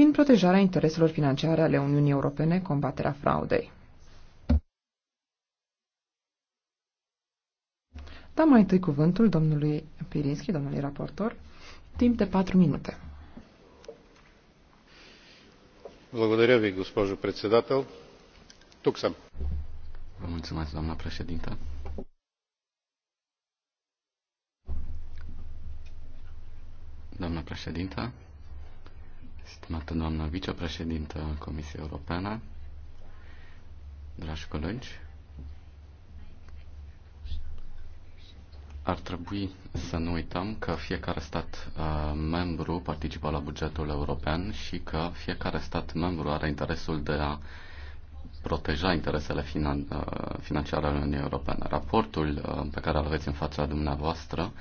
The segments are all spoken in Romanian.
prin protejarea intereselor financiare ale Uniunii Europene, combaterea fraudei. Da mai întâi cuvântul domnului Pirinski, domnului raportor, timp de patru minute. Благодаря ви, госпожо председател. Тук съм. Vă mulțumesc, doamna președintă. Doamna președintă, stimată doamnă vicepreședintă a Comisiei Europene, dragi colegi, ar trebui să nu uităm că fiecare stat uh, membru participă la bugetul european și că fiecare stat membru are interesul de a proteja interesele finan- uh, financiare ale Uniunii Europene. Raportul uh, pe care îl aveți în fața dumneavoastră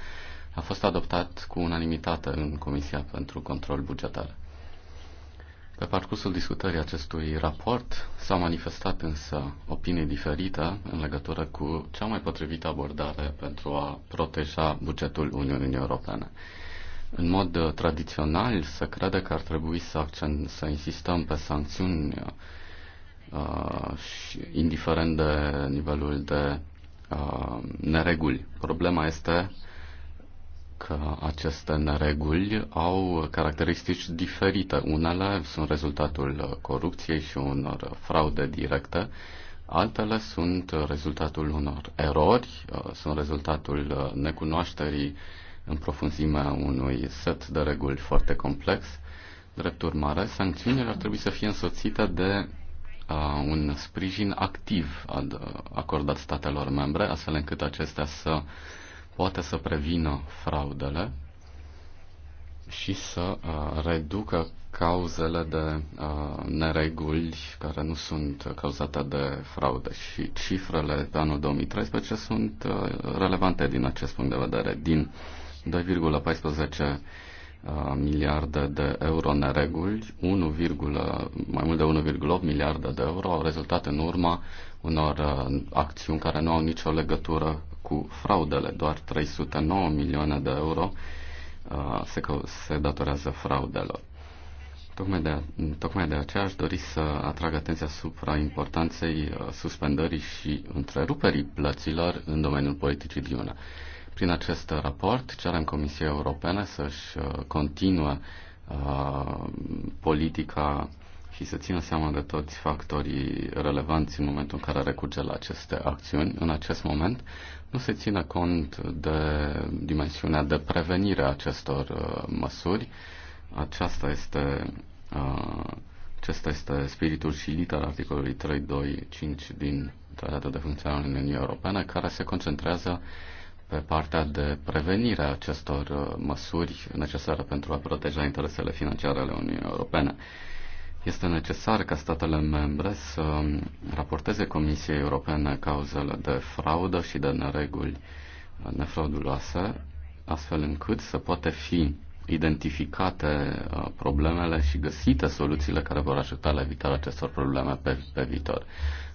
a fost adoptat cu unanimitate în Comisia pentru Control Bugetar. Pe parcursul discutării acestui raport s a manifestat însă opinie diferită în legătură cu cea mai potrivită abordare pentru a proteja bugetul Uniunii Europene. În mod uh, tradițional, se crede că ar trebui să, accent, să insistăm pe sancțiuni uh, și, indiferent de nivelul de uh, nereguli. Problema este uh, că aceste nereguli au caracteristici diferite. Unele sunt rezultatul corupției și unor fraude directe, altele sunt rezultatul unor erori, sunt rezultatul necunoașterii în profunzimea unui set de reguli foarte complex. Drept urmare, sancțiunile ar trebui să fie însoțite de uh, un sprijin activ ad, acordat statelor membre, astfel încât acestea să poate să prevină fraudele și să uh, reducă cauzele de uh, nereguli care nu sunt cauzate de fraude. Și cifrele de anul 2013 sunt uh, relevante din acest punct de vedere. Din 2,14 uh, miliarde de euro nereguli, 1, mai mult de 1,8 miliarde de euro au rezultat în urma unor uh, acțiuni care nu au nicio legătură cu fraudele. Doar 309 milioane de euro uh, se, se datorează fraudelor. Tocmai de, tocmai de aceea aș dori să atrag atenția asupra importanței uh, suspendării și întreruperii plăților în domeniul politicii de Uniune. Prin acest raport cerem Comisiei Europene să-și uh, continue uh, politica și să țină seama de toți factorii relevanți în momentul în care recurge la aceste acțiuni. În acest moment nu se ține cont de dimensiunea de prevenire a acestor uh, măsuri. Aceasta este, uh, acesta este spiritul și litera articolului 3.2.5 din Tratatul de Funcționare în Uniunea Europeană, care se concentrează pe partea de prevenire a acestor uh, măsuri necesare pentru a proteja interesele financiare ale Uniunii Europene. Este necesar ca statele membre să raporteze Comisiei Europene cauzele de fraudă și de nereguli nefrauduloase, astfel încât să poată fi identificate uh, problemele și găsite soluțiile care vor ajuta la evitarea acestor probleme pe, pe viitor.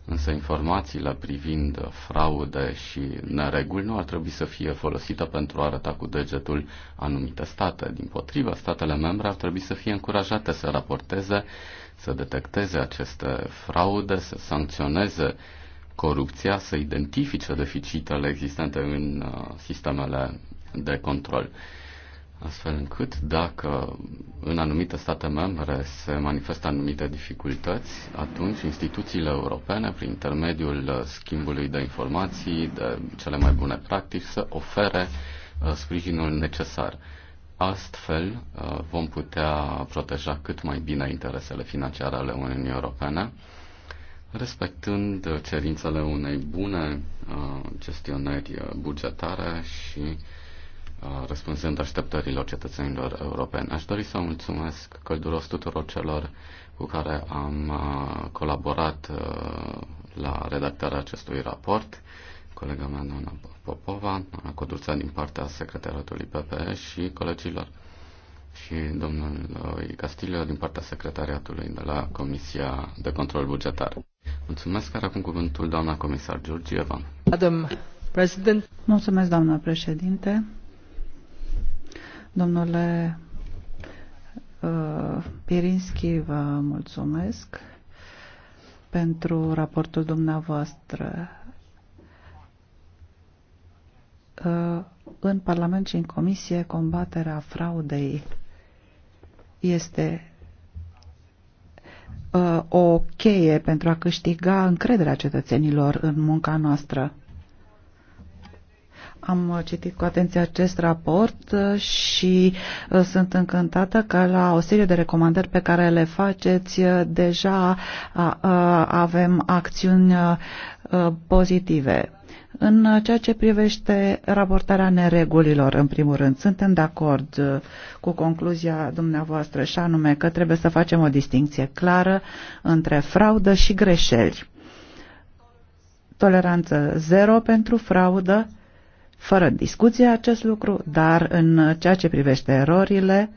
Însă informațiile privind fraude și nereguli nu ar trebui să fie folosite pentru a arăta cu degetul anumite state. Din potrivă, statele membre ar trebui să fie încurajate să raporteze, să detecteze aceste fraude, să sancționeze corupția, să identifice deficitele existente în uh, sistemele de control astfel încât dacă în anumite state membre se manifestă anumite dificultăți, atunci instituțiile europene, prin intermediul schimbului de informații, de cele mai bune practici, să ofere uh, sprijinul necesar. Astfel uh, vom putea proteja cât mai bine interesele financiare ale Uniunii Europene, respectând cerințele unei bune uh, gestionări bugetare și răspunzând așteptărilor cetățenilor europeni. Aș dori să mulțumesc călduros tuturor celor cu care am colaborat la redactarea acestui raport, colega mea, doamna Popova, doamna Codruța din partea secretariatului PPE și colegilor și domnul Castillo din partea secretariatului de la Comisia de Control Bugetar. Mulțumesc, care acum cuvântul doamna comisar Georgieva. Adam, President. Mulțumesc, doamna președinte. Domnule uh, Pirinski, vă mulțumesc pentru raportul dumneavoastră. Uh, în Parlament și în Comisie, combaterea fraudei este uh, o cheie pentru a câștiga încrederea cetățenilor în munca noastră. Am citit cu atenție acest raport uh, și uh, sunt încântată că la o serie de recomandări pe care le faceți uh, deja avem acțiuni pozitive. În ceea ce privește raportarea neregulilor, în primul rând, suntem de acord cu concluzia dumneavoastră și anume că trebuie să facem o distinție clară între fraudă și greșeli. Toleranță zero pentru fraudă fără discuție acest lucru, dar în ceea ce privește erorile,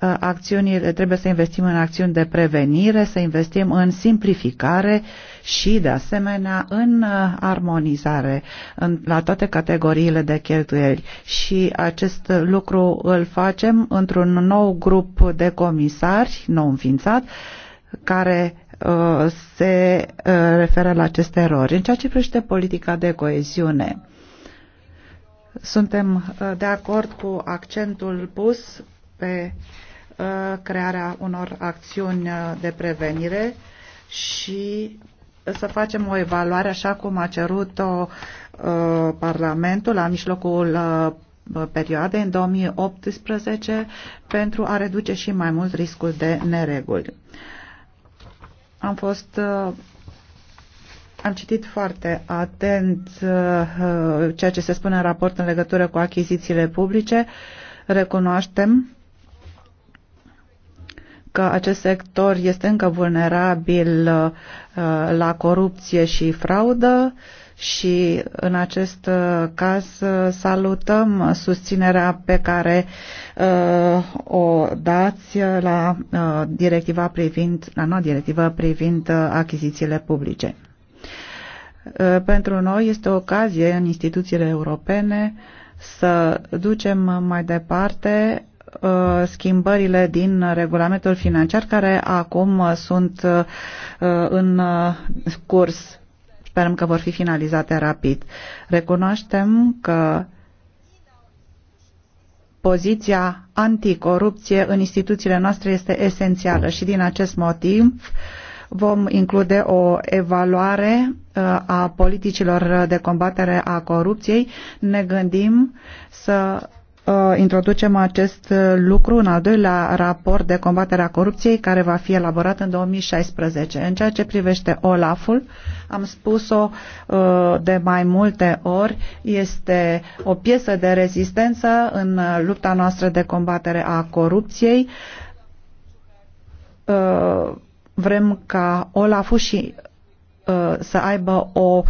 uh, acțiunile, trebuie să investim în acțiuni de prevenire, să investim în simplificare și, de asemenea, în uh, armonizare în, la toate categoriile de cheltuieli. Și acest lucru îl facem într-un nou grup de comisari, nou înființat, care uh, se uh, referă la aceste erori. În ceea ce privește politica de coeziune, suntem uh, de acord cu accentul pus pe uh, crearea unor acțiuni uh, de prevenire și să facem o evaluare așa cum a cerut-o Parlamentul la mijlocul perioadei în 2018 pentru a reduce și mai mult riscul de nereguli. Am fost am citit foarte atent uh, ceea ce se spune în raport în legătură cu achizițiile publice. Recunoaștem că acest sector este încă vulnerabil uh, la corupție și fraudă și în acest uh, caz salutăm susținerea pe care o dați la directiva privind, la noua directivă privind achizițiile publice. Uh, pentru noi este o ocazie în instituțiile europene să ducem mai departe uh, schimbările din regulamentul financiar care acum sunt uh, în curs. Sperăm că vor fi finalizate rapid. Recunoaștem că poziția anticorupție în instituțiile noastre este esențială și din acest motiv uh, Vom include o evaluare uh, a politicilor de combatere a corupției. Ne gândim să uh, introducem acest lucru în al doilea raport de combatere a corupției care va fi elaborat în 2016. În ceea ce privește OLAF-ul, am spus-o uh, de mai multe ori, este o piesă de rezistență în lupta noastră de combatere a corupției Vrem ca Olaf și uh, să aibă o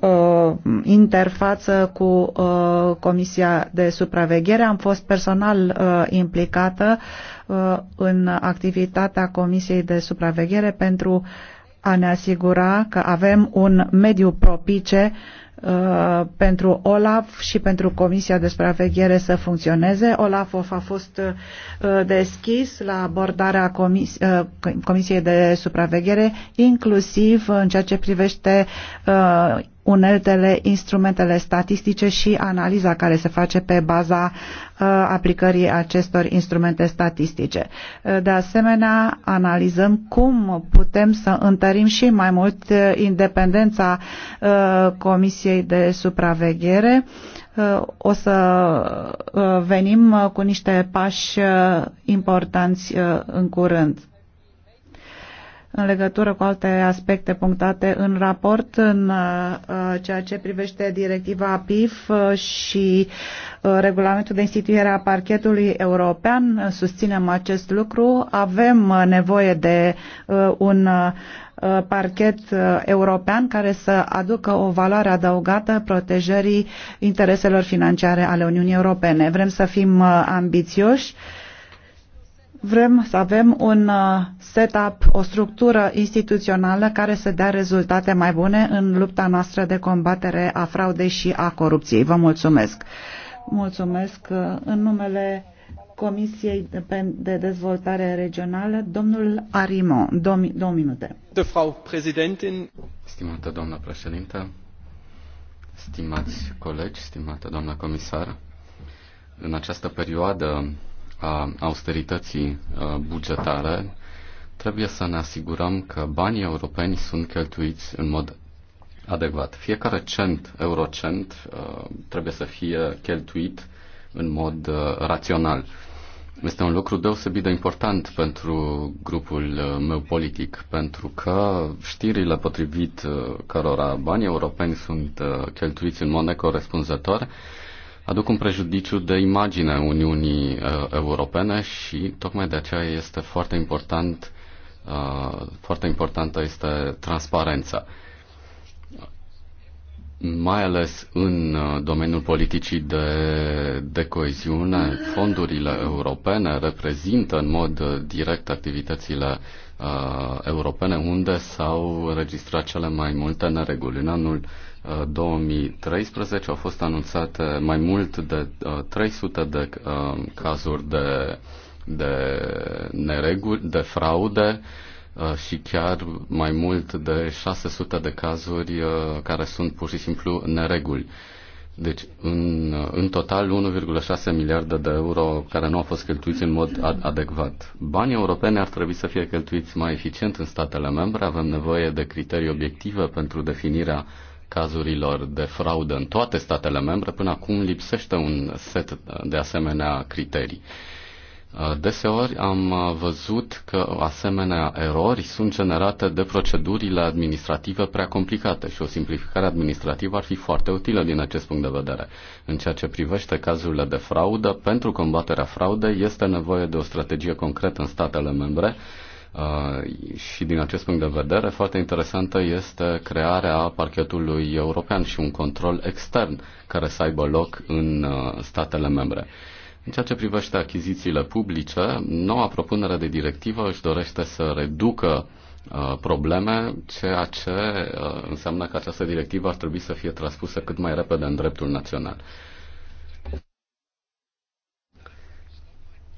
uh, interfață cu uh, Comisia de Supraveghere. Am fost personal uh, implicată uh, în activitatea Comisiei de Supraveghere pentru a ne asigura că avem un mediu propice uh, Uh, pentru OLAF și pentru Comisia de Supraveghere să funcționeze. OLAF a fost uh, deschis la abordarea uh, Comisiei de Supraveghere, inclusiv în ceea ce privește uneltele, instrumentele statistice și analiza care se face pe baza uh, aplicării acestor instrumente statistice. Uh, de asemenea, analizăm cum putem să întărim și mai mult uh, independența Comisiei de Supraveghere. O să venim cu niște pași importanți în curând în legătură cu alte aspecte punctate în raport în uh, ceea ce privește directiva PIF uh, și uh, regulamentul de instituire a parchetului european. Susținem acest lucru. Avem nevoie de un parchet european care să aducă o valoare adăugată protejării intereselor financiare ale Uniunii Europene. Vrem să fim ambițioși Vrem să avem un uh, setup, o structură instituțională care să dea rezultate mai bune în lupta noastră de combatere a fraudei și a corupției. Vă mulțumesc! Mulțumesc uh, în numele Comisiei de Dezvoltare Regională, domnul Arimo. Două, două minute. Stimată doamnă președintă, stimați colegi, stimată doamnă comisar, în această perioadă a austerității bugetare, trebuie să ne asigurăm că banii europeni sunt cheltuiți în mod adecvat. Fiecare cent, eurocent, trebuie să fie cheltuit în mod rațional. Este un lucru deosebit de important pentru grupul meu politic, pentru că știrile potrivit cărora banii europeni sunt cheltuiți în mod necorespunzător aduc un prejudiciu de imagine Uniunii uh, Europene și tocmai de aceea este foarte important uh, foarte importantă este transparența mai ales în uh, domeniul politicii de, de coeziune, fondurile europene reprezintă în mod direct activitățile uh, europene unde s-au înregistrat cele mai multe nereguli. În anul 2013 au fost anunțate mai mult de 300 uh, de uh, cazuri de, de nereguri, de fraude uh, și chiar mai mult de 600 de cazuri care sunt pur și simplu nereguli. Deci, în, în total, 1,6 miliarde de euro care nu au fost cheltuiți în mod ad- adecvat. Banii europene ar trebui să fie cheltuiți mai eficient în statele membre. Avem nevoie de criterii obiective pentru definirea cazurilor de fraudă în toate statele membre, până acum lipsește un set de asemenea criterii. Uh, deseori am uh, văzut că asemenea erori sunt generate de procedurile administrative prea complicate și o simplificare administrativă ar fi foarte utilă din acest punct de vedere. În ceea ce privește cazurile de fraudă, pentru combaterea fraudei este nevoie de o strategie concretă în statele membre Uh, și din acest punct de vedere foarte interesantă este crearea parchetului european și un control extern care să aibă loc în uh, statele membre. În ceea ce privește achizițiile publice, noua propunere de directivă își dorește să reducă uh, probleme, ceea ce înseamnă că această directivă ar trebui să fie transpusă cât mai repede în dreptul național.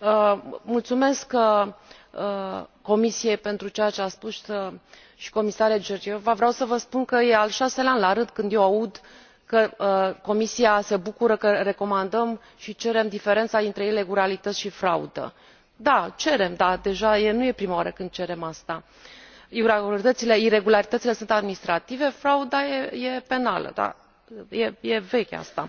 Uh, mulțumesc uh, uh, comisiei pentru ceea ce a spus și comisarei georgieva. vreau să vă spun că e al șaselea an la rând când eu aud că comisia se bucură că recomandăm și cerem diferența dintre ilegalități și fraudă. da cerem dar deja nu e prima oară când cerem asta. iregularitățile sunt administrative frauda e penală da, e veche asta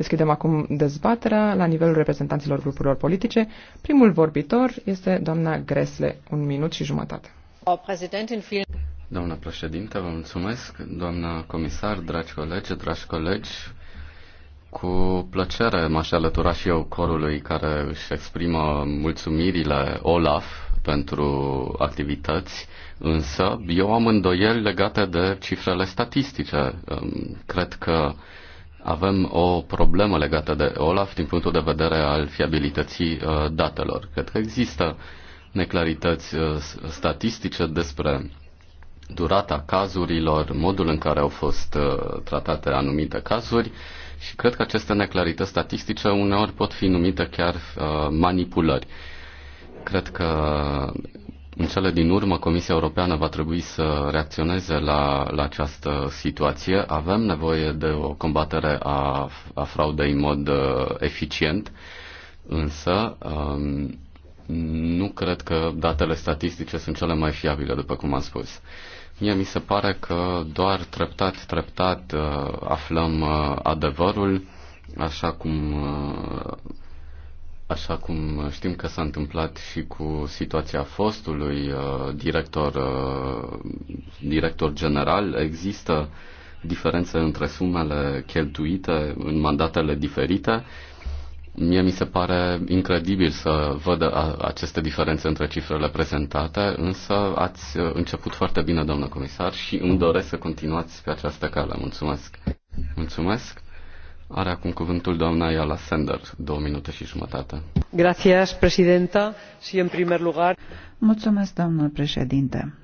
Deschidem acum dezbaterea la nivelul reprezentanților grupurilor politice. Primul vorbitor este doamna Gresle, un minut și jumătate. Doamna președinte, vă mulțumesc. Doamna comisar, dragi colegi, dragi colegi, cu plăcere m-aș alătura și eu corului care își exprimă mulțumirile Olaf pentru activități, însă eu am îndoieli legate de cifrele statistice. Cred că avem o problemă legată de OLAF din punctul de vedere al fiabilității uh, datelor. Cred că există neclarități uh, statistice despre durata cazurilor, modul în care au fost uh, tratate anumite cazuri și cred că aceste neclarități statistice uneori pot fi numite chiar manipulări. Cred că în cele din urmă, Comisia Europeană va trebui să reacționeze la, la această situație. Avem nevoie de o combatere a, a fraudei în mod uh, eficient, însă um, nu cred că datele statistice sunt cele mai fiabile, după cum am spus. Mie mi se pare că doar treptat, treptat uh, aflăm uh, adevărul, așa cum uh, Așa cum știm că s-a întâmplat și cu situația fostului uh, director, uh, director general, există diferențe între sumele cheltuite în mandatele diferite. Mie mi se pare incredibil să văd aceste diferențe între cifrele prezentate, însă ați uh, început foarte bine, doamnă comisar, și îmi doresc să continuați pe această cale. Mulțumesc! Mulțumesc! Are acum cuvântul doamna Iala Sender, două minute și jumătate. Gracias, presidenta. Și în primer lugar... Mulțumesc, doamnă președinte.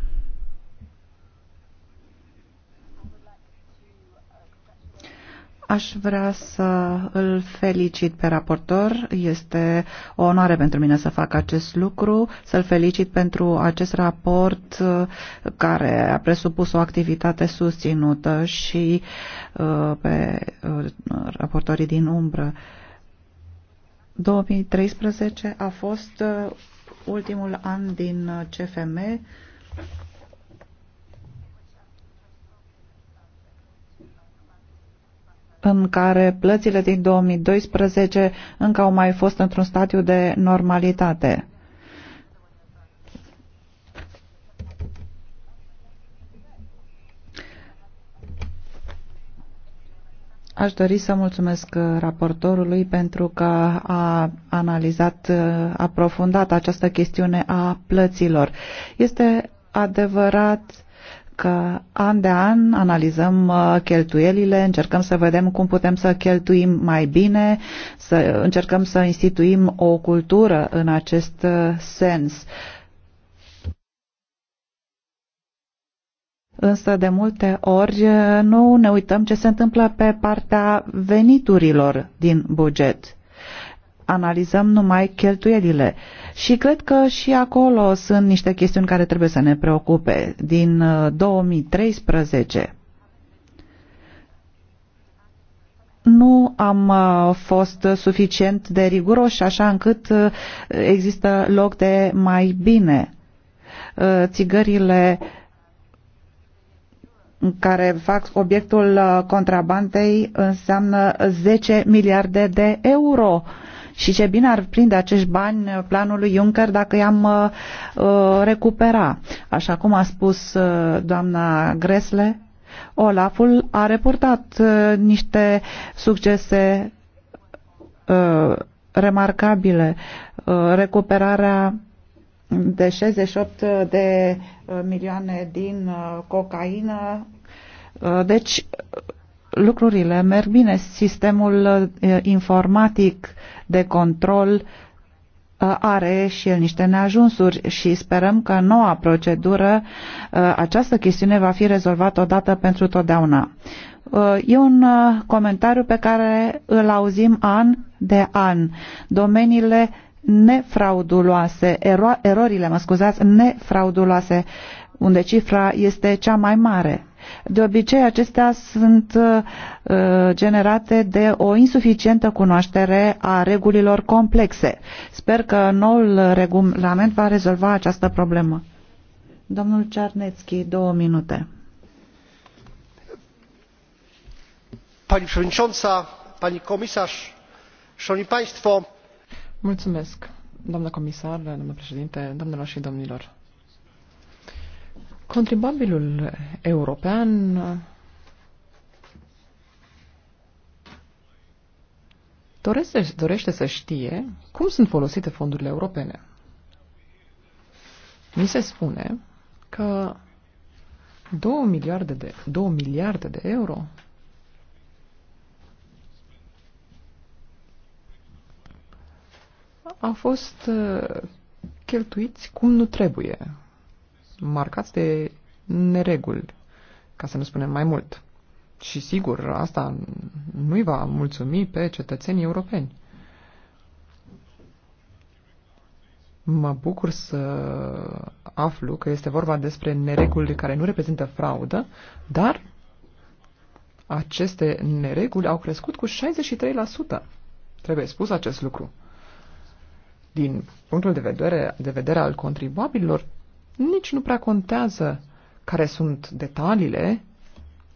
Aș vrea să îl felicit pe raportor. Este o onoare pentru mine să fac acest lucru, să-l felicit pentru acest raport uh, care a presupus o activitate susținută și uh, pe uh, raportorii din umbră. 2013 a fost ultimul an din CFM în care plățile din 2012 încă au mai fost într-un stadiu de normalitate. Aș dori să mulțumesc raportorului pentru că a analizat aprofundat această chestiune a plăților. Este adevărat că an de an analizăm uh, cheltuielile, încercăm să vedem cum putem să cheltuim mai bine, să încercăm să instituim o cultură în acest uh, sens. Însă de multe ori uh, nu ne uităm ce se întâmplă pe partea veniturilor din buget analizăm numai cheltuielile. Și cred că și acolo sunt niște chestiuni care trebuie să ne preocupe. Din 2013 uh, nu am uh, fost suficient de riguroși așa încât uh, există loc de mai bine. Țigările care fac obiectul contrabandei înseamnă 10 miliarde de euro. Uh, și ce bine ar prinde acești bani planului Juncker dacă i-am uh, uh, recupera. Așa cum a spus uh, doamna Gresle, Olaful a reportat niște succese remarcabile. Recuperarea de 68 de milioane din cocaină. Deci, lucrurile merg bine. Sistemul eh, informatic de control eh, are și el niște neajunsuri și sperăm că noua procedură eh, această chestiune va fi rezolvată odată pentru totdeauna. E un comentariu pe care îl auzim an de an. Domeniile nefrauduloase, ero erorile, mă scuzați, nefrauduloase, unde cifra este cea mai mare. De obicei, acestea sunt uh, uh, generate de o insuficientă cunoaștere a regulilor complexe. Sper că noul regulament va rezolva această problemă. Domnul Czarnecki, două minute. Pani przewodnicząca, pani komisarz, szanowni państwo. Mulțumesc, doamnă comisar, domnule președinte, domnilor și domnilor. Contribuabilul european dorește, dorește să știe cum sunt folosite fondurile europene. Mi se spune că 2 miliarde de, 2 miliarde de euro au fost uh, cheltuiți cum nu trebuie marcați de nereguli, ca să nu spunem mai mult. Și sigur, asta nu-i va mulțumi pe cetățenii europeni. Mă bucur să aflu că este vorba despre nereguli care nu reprezintă fraudă, dar aceste nereguli au crescut cu 63%. Trebuie spus acest lucru. Din punctul de vedere, de vedere al contribuabililor, nici nu prea contează care sunt detaliile.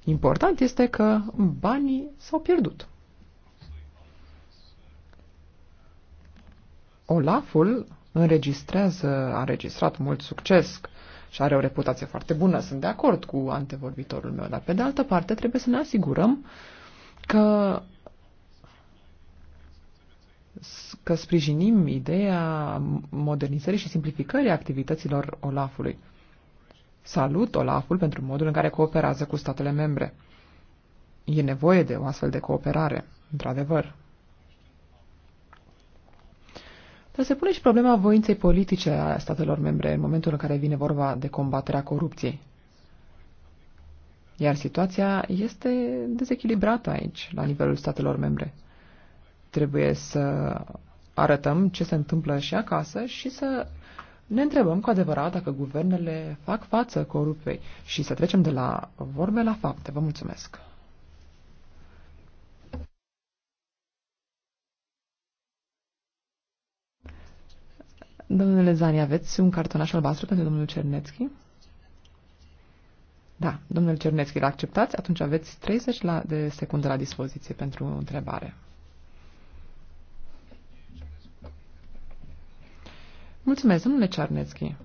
Important este că banii s-au pierdut. Olaful înregistrează, a înregistrat mult succes și are o reputație foarte bună, sunt de acord cu antevorbitorul meu, dar pe de altă parte trebuie să ne asigurăm că că sprijinim ideea modernizării și simplificării activităților Olafului. Salut Olaful pentru modul în care cooperează cu statele membre. E nevoie de o astfel de cooperare, într-adevăr. Dar se pune și problema voinței politice a statelor membre în momentul în care vine vorba de combaterea corupției. Iar situația este dezechilibrată aici, la nivelul statelor membre. Trebuie să arătăm ce se întâmplă și acasă și să ne întrebăm cu adevărat dacă guvernele fac față corupției și să trecem de la vorbe la fapte. Vă mulțumesc! Domnule Zani, aveți un cartonaș albastru pentru domnul Cernețchi? Da, domnul Cernețchi, l-acceptați? a Atunci aveți 30 de secunde la dispoziție pentru întrebare. Mulțumesc, domnule Cearnețchi.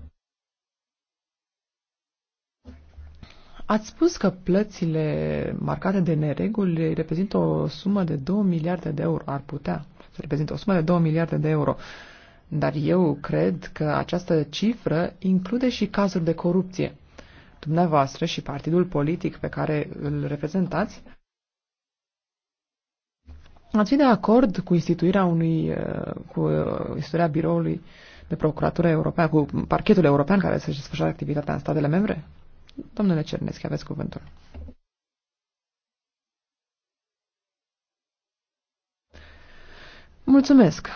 Ați spus că plățile marcate de nereguli reprezintă o sumă de 2 miliarde de euro. Ar putea să reprezintă o sumă de 2 miliarde de euro. Dar eu cred că această cifră include și cazuri de corupție. Dumneavoastră și partidul politic pe care îl reprezentați ați fi de acord cu instituirea unui, uh, cu uh, istoria biroului de procuratură europeană, cu parchetul european care să-și desfășoare activitatea în statele membre? Domnule Cernescu, aveți cuvântul. Mulțumesc.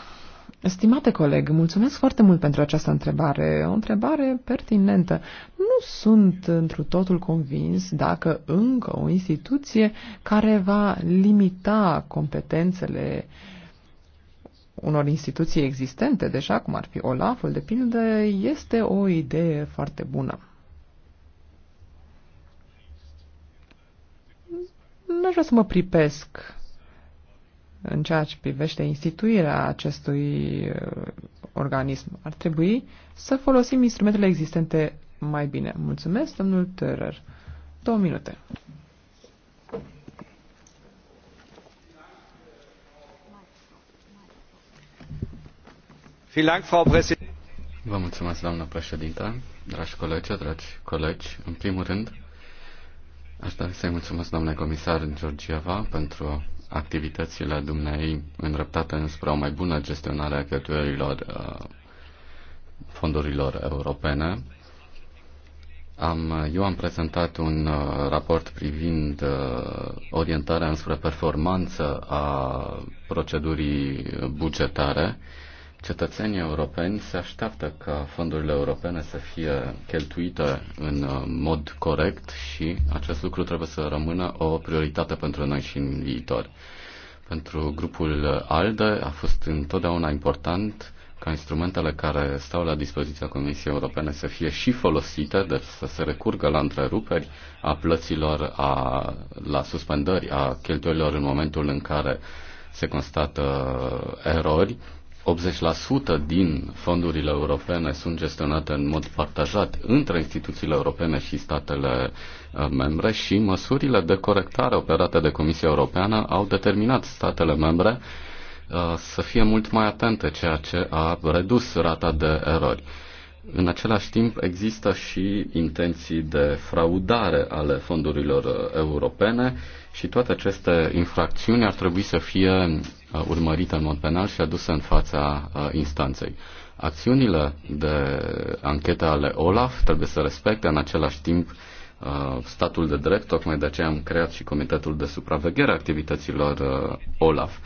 Stimate coleg, mulțumesc foarte mult pentru această întrebare, o întrebare pertinentă. Nu sunt întru totul convins dacă încă o instituție care va limita competențele uh, unor instituții existente deja, cum ar fi Olaful, de pildă, este o idee foarte bună. Nu aș vrea să mă pripesc în ceea ce privește instituirea acestui uh, organism. Ar trebui să folosim instrumentele existente mai bine. Mulțumesc, domnul Terer. Două minute. Vă mulțumesc, doamnă președintă, dragi colegi, dragi colegi. În primul rând, aș dori să-i mulțumesc, doamne comisar Georgieva, pentru activitățile dumnei îndreptate înspre o mai bună gestionare a cheltuielilor uh, fondurilor europene. Am, eu am prezentat un uh, raport privind uh, orientarea înspre performanță a procedurii bugetare. Uh, cetățenii europeni se așteaptă ca fondurile europene să fie cheltuite în uh, mod corect și acest lucru trebuie să rămână o prioritate pentru noi și în viitor. Pentru grupul ALDE a fost întotdeauna important ca instrumentele care stau la dispoziția Comisiei Europene să fie și folosite, deci să se recurgă la întreruperi a plăților, a, la suspendări a cheltuielilor în momentul în care se constată uh, erori, 80% din fondurile europene sunt gestionate în mod partajat între instituțiile europene și statele uh, membre și măsurile de corectare operate de Comisia Europeană au determinat statele membre uh, să fie mult mai atente, ceea ce a redus rata de erori. În același timp există și intenții de fraudare ale fondurilor uh, europene și toate aceste infracțiuni ar trebui să fie urmărită în mod penal și adusă în fața instanței. Acțiunile de anchetă ale OLAF trebuie să respecte în același timp statul de drept, tocmai de aceea am creat și Comitetul de Supraveghere a Activităților OLAF.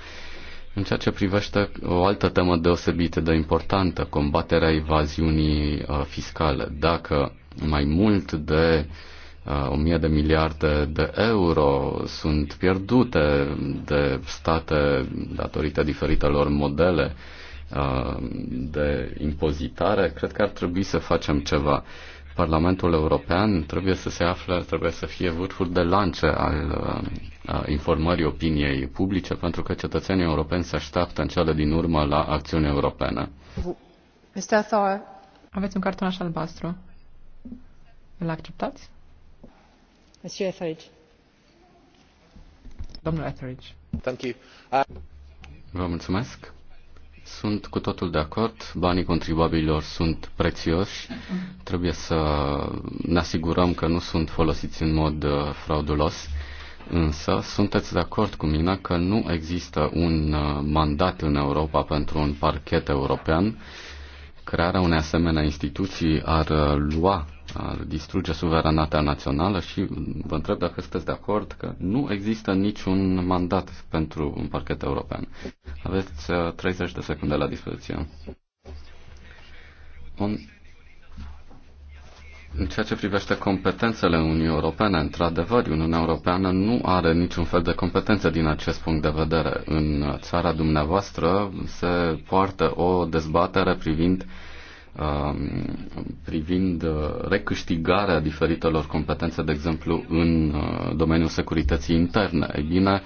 În ceea ce privește o altă temă deosebită de importantă, combaterea evaziunii fiscale, dacă mai mult de uh, Uh, o mie de miliarde de euro sunt pierdute de state datorită diferitelor modele uh, de impozitare, cred că ar trebui să facem ceva. Parlamentul European trebuie să se afle, trebuie să fie vârful de lance al uh, informării opiniei publice, pentru că cetățenii europeni se așteaptă în cele din urmă la acțiune europeană. Mr. Thor. Aveți un așa albastru. Îl acceptați? Etheridge. Sunt cu totul de acord. Banii contribuabililor sunt prețioși. Trebuie să ne asigurăm că nu sunt folosiți în mod uh, fraudulos. Însă, sunteți de acord cu mine că nu există un uh, mandat în Europa pentru un parchet european. Crearea unei asemenea instituții ar uh, lua ar distruge suveranitatea națională și vă întreb dacă sunteți de acord că nu există niciun mandat pentru un parchet european. Aveți 30 uh, de secunde la dispoziție. Un... În ceea ce privește competențele Uniunii Europene, într-adevăr, Uniunea Europeană nu are niciun fel de competență din acest punct de vedere. În țara dumneavoastră se poartă o dezbatere privind uh, Um, privind uh, recâștigarea diferitelor competențe, de exemplu, în uh, domeniul securității interne. Ei bine,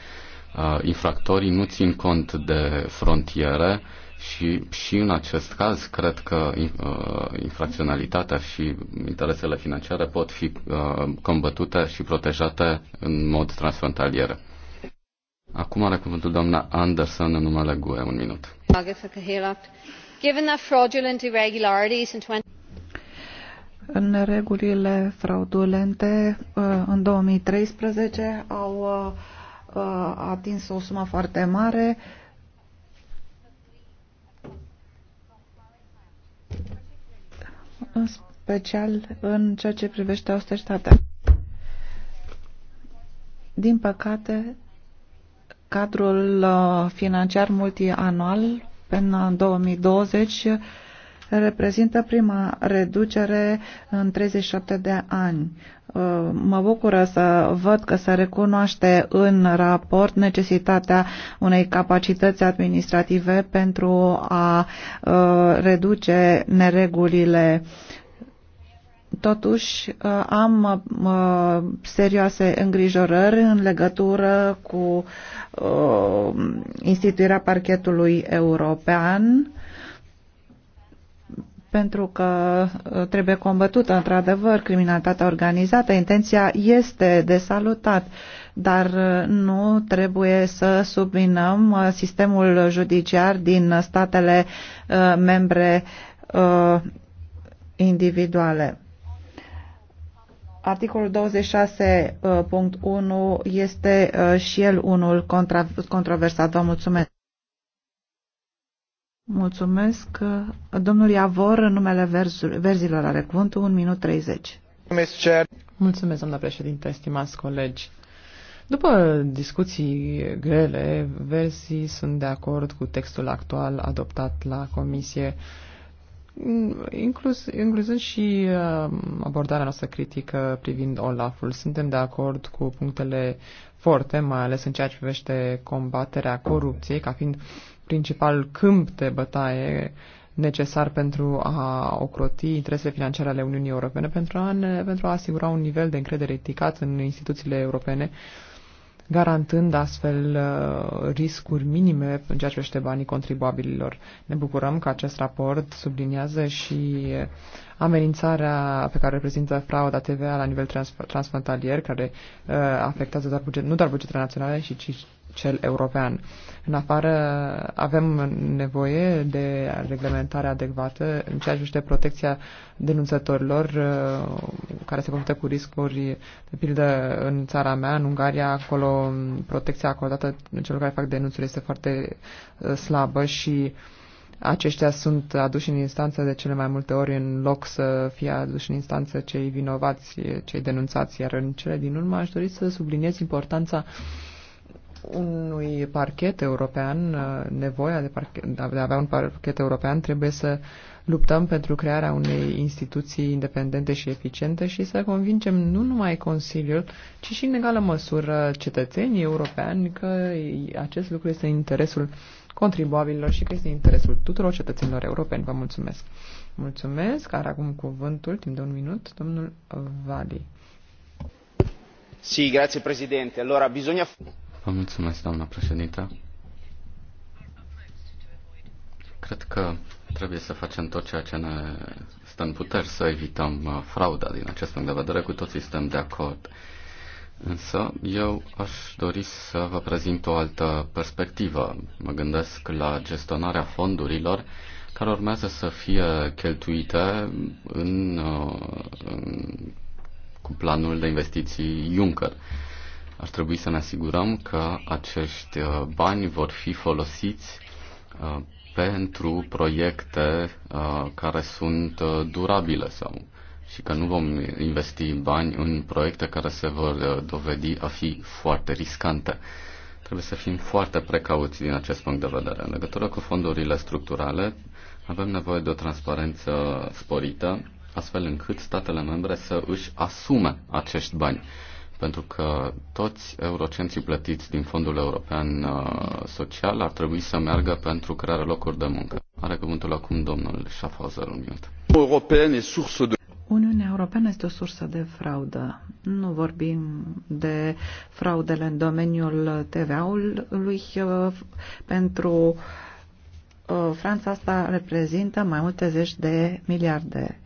uh, infractorii nu țin cont de frontiere și, și în acest caz cred că infracționalitatea și interesele financiare pot fi combătute și protejate în mod transfrontalier. Acum are cuvântul doamna Anderson în numele GUE. Un minut. Given that fraudulent irregularities in 20 în regulile fraudulente uh, în 2013 au uh, uh, atins o sumă foarte mare. în special în ceea ce privește austeritatea. Din păcate, cadrul financiar multianual până în 2020 reprezintă prima reducere în 37 de ani. Uh, mă bucură să văd că se recunoaște în raport necesitatea unei capacități administrative pentru a uh, reduce neregulile Totuși, uh, am uh, serioase îngrijorări în legătură cu uh, instituirea parchetului european pentru că trebuie combătută într-adevăr criminalitatea organizată. Intenția este de salutat, dar nu trebuie să subminăm sistemul judiciar din statele membre individuale. Articolul 26.1 uh, este uh, și el unul contra, controversat. Vă mulțumesc. Mulțumesc. Domnul Iavor, în numele verzilor are cuvântul, 1 minut 30. Mulțumesc, doamna președinte, stimați colegi. După discuții grele, versii sunt de acord cu textul actual adoptat la Comisie inclus, incluzând și uh, abordarea noastră critică privind Olaful, suntem de acord cu punctele forte, mai ales în ceea ce privește combaterea corupției, ca fiind principal câmp de bătaie necesar pentru a ocroti interesele financiare ale Uniunii Europene, pentru a, ne, pentru a asigura un nivel de încredere ridicat în instituțiile europene uh, garantând astfel uh, riscuri minime în ceea ce privește banii contribuabililor. Ne bucurăm că acest raport subliniază și amenințarea pe care reprezintă frauda TVA la nivel transfrontalier, care uh, afectează doar buget, nu doar bugetele naționale, ci, ci cel european. În afară, avem nevoie de reglementare adecvată în ceea ce privește protecția denunțătorilor uh, care se confruntă cu riscuri, de pildă în țara mea, în Ungaria, acolo protecția acordată celor care fac denunțuri este foarte uh, slabă și aceștia sunt aduși în instanță de cele mai multe ori în loc să fie aduși în instanță cei vinovați, cei denunțați. Iar în cele din urmă aș dori să subliniez importanța uh, unui parchet european, uh, nevoia de, parchet, de a avea un parchet european, trebuie să luptăm pentru crearea unei instituții independente și eficiente și să convingem nu numai Consiliul, ci și în egală măsură cetățenii europeni că acest lucru este în interesul contribuabililor și că este în interesul tuturor cetățenilor europeni. Vă mulțumesc! Mulțumesc! Are acum cuvântul, timp de un minut, domnul Vali. Sì, grazie Presidente. Allora, bisogna... Vă mulțumesc, doamna președintă. Cred că trebuie să facem tot ceea ce ne stă în puteri să evităm uh, frauda din acest punct de vedere. Cu toții suntem de acord. Însă eu aș dori să vă prezint o altă perspectivă. Mă gândesc la gestionarea fondurilor care urmează să fie cheltuite în, uh, în, cu planul de investiții Juncker. Ar trebui să ne asigurăm că acești uh, bani vor fi folosiți uh, pentru proiecte uh, care sunt durabile sau și că nu vom investi bani în proiecte care se vor dovedi a fi foarte riscante. Trebuie să fim foarte precauți din acest punct de vedere. În legătură cu fondurile structurale, avem nevoie de o transparență sporită, astfel încât statele membre să își asume acești bani pentru că toți eurocenții plătiți din Fondul European uh, Social ar trebui să meargă pentru crearea locuri de muncă. Are cuvântul acum domnul Schaffhauser un minut. European sursă de Uniunea Europeană este o sursă de fraudă. Nu vorbim de fraudele în domeniul TVA-ului uh, pentru uh, Franța asta reprezintă mai multe zeci de miliarde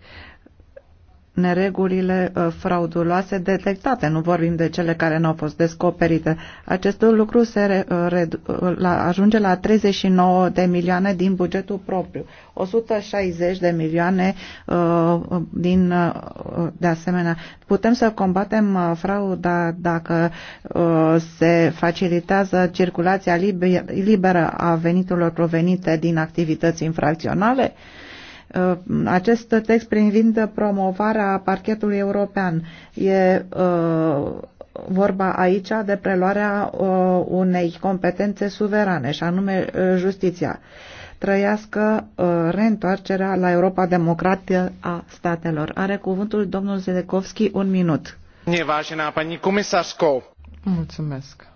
neregulile uh, frauduloase detectate, nu vorbim de cele care nu au fost descoperite. Acest lucru se re, uh, uh, la, ajunge la 39 de milioane din bugetul propriu, 160 de milioane din, de asemenea. Putem să combatem frauda dacă se facilitează circulația liberă a veniturilor provenite din activități infracționale? Uh, acest text privind promovarea parchetului european e uh, vorba aici de preluarea uh, unei competențe suverane și anume justiția. Trăiască reîntoarcerea la Europa democrată a statelor. Are cuvântul domnul Zedekovski un minut. Vážená paní komisařko. Mulțumesc,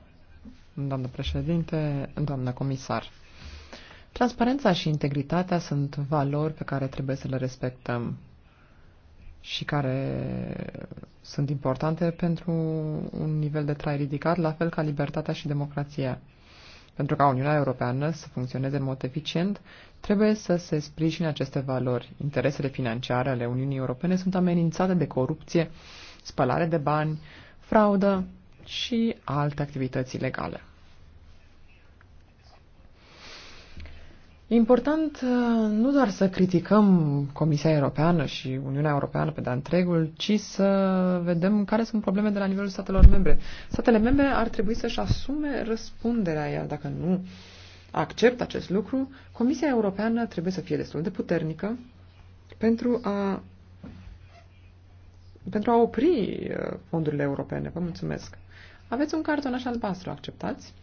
doamnă președinte, doamnă comisar. Transparența și integritatea sunt valori pe care trebuie să le respectăm și care sunt importante pentru un nivel de trai ridicat, la fel ca libertatea și democrația. Pentru ca Uniunea Europeană să funcționeze în mod eficient, trebuie să se sprijine aceste valori. Interesele financiare ale Uniunii Europene sunt amenințate de corupție, spălare de bani, fraudă și alte activități ilegale. important uh, nu doar să criticăm Comisia Europeană și Uniunea Europeană pe de întregul, ci să vedem care sunt probleme de la nivelul statelor membre. Statele membre ar trebui să-și asume răspunderea, iar dacă nu acceptă acest lucru, Comisia Europeană trebuie să fie destul de puternică pentru a, pentru a opri uh, fondurile europene. Vă mulțumesc! Aveți un cartonaș albastru, acceptați?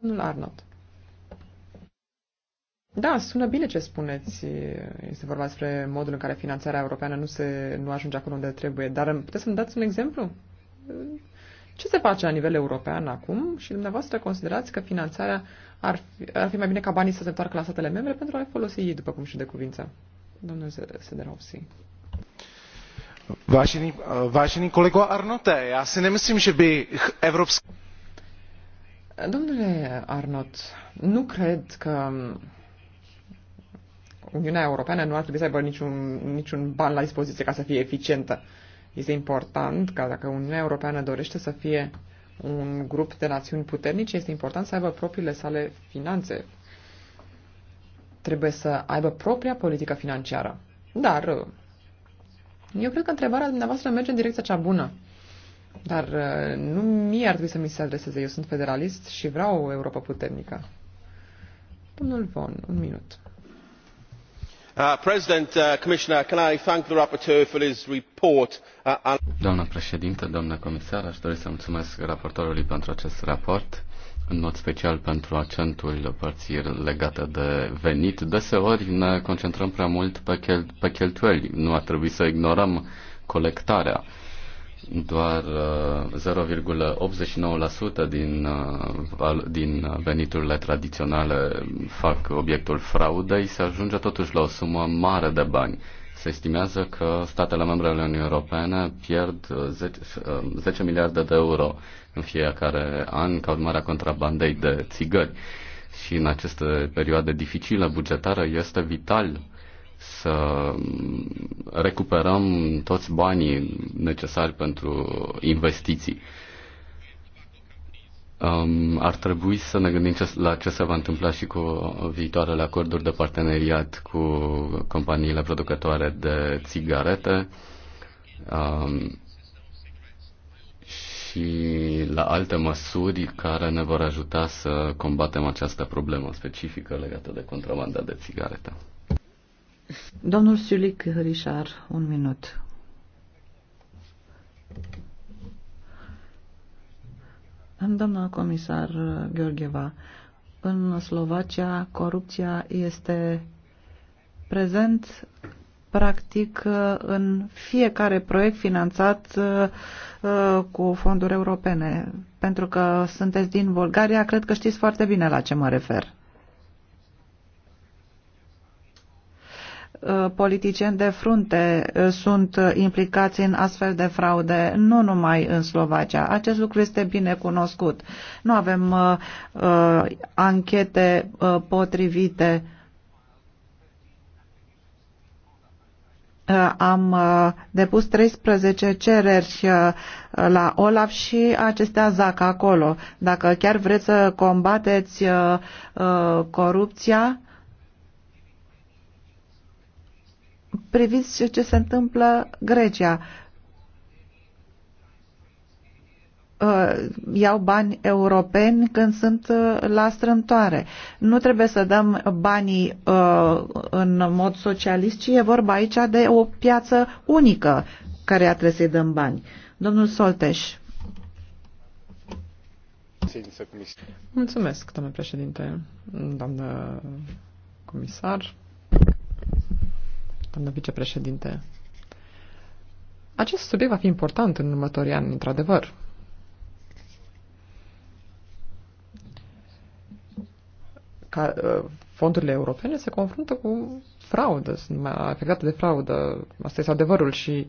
Domnul Arnot. Da, sună bine ce spuneți. Este vorba despre modul în care finanțarea europeană nu, se, nu ajunge acolo unde trebuie. Dar puteți să-mi dați un exemplu? Ce se face la nivel european acum și dumneavoastră considerați că finanțarea ar fi, ar fi mai bine ca banii să se întoarcă la statele membre pentru a-i folosi ei, după cum și de cuvință? Domnul Sederovsi. Vážený, vážený kolego Arnote, já si nemyslím, že by evropský... Domnule Arnott, nu cred că Uniunea Europeană nu ar trebui să aibă niciun, niciun ban la dispoziție ca să fie eficientă. Este important ca dacă Uniunea Europeană dorește să fie un grup de națiuni puternice, este important să aibă propriile sale finanțe. Trebuie să aibă propria politică financiară. Dar eu cred că întrebarea dumneavoastră merge în direcția cea bună. Dar uh, nu mie ar trebui să mi se adreseze. Eu sunt federalist și vreau o Europa puternică. Domnul Von, un minut. Uh, uh, doamna președintă, doamna comisar, aș dori să mulțumesc raportorului pentru acest raport în mod special pentru accentul părții legate de venit. Deseori ne concentrăm prea mult pe, chel- pe cheltuieli. Nu ar trebui să ignorăm colectarea doar 0,89% uh, din, uh, din veniturile tradiționale fac obiectul fraudei, se ajunge totuși la o sumă mare de bani. Se estimează că statele membre ale Uniunii Europene pierd 10, uh, 10 miliarde de euro în fiecare an ca urmare a contrabandei de țigări. Și în aceste perioade dificile bugetară este vital să recuperăm toți banii necesari pentru investiții. Um, ar trebui să ne gândim ce, la ce se va întâmpla și cu viitoarele acorduri de parteneriat cu companiile producătoare de țigarete um, și la alte măsuri care ne vor ajuta să combatem această problemă specifică legată de contrabanda de țigarete. Domnul Sulic Hrișar, un minut. Doamna comisar Gheorgheva, în Slovacia corupția este prezent practic în fiecare proiect finanțat uh, cu fonduri europene. Pentru că sunteți din Bulgaria, cred că știți foarte bine la ce mă refer. Uh, politicieni de frunte uh, sunt uh, implicați în astfel de fraude, nu numai în Slovacia. Acest lucru este bine cunoscut. Nu avem uh, anchete uh, potrivite. Uh, am uh, depus 13 cereri uh, la OLAF și acestea zac acolo. Dacă chiar vreți să combateți uh, uh, corupția, priviți ce se întâmplă Grecia. Uh, iau bani europeni când sunt uh, la strântoare. Nu trebuie să dăm banii uh, în mod socialist, ci e vorba aici de o piață unică care trebuit să-i dăm bani. Domnul Solteș. Mulțumesc, domnule președinte, doamnă comisar doamnă vicepreședinte. Acest subiect va fi important în următorii ani, într-adevăr. Ca, ă, fondurile europene se confruntă cu fraudă, sunt afectate de fraudă. Asta este adevărul și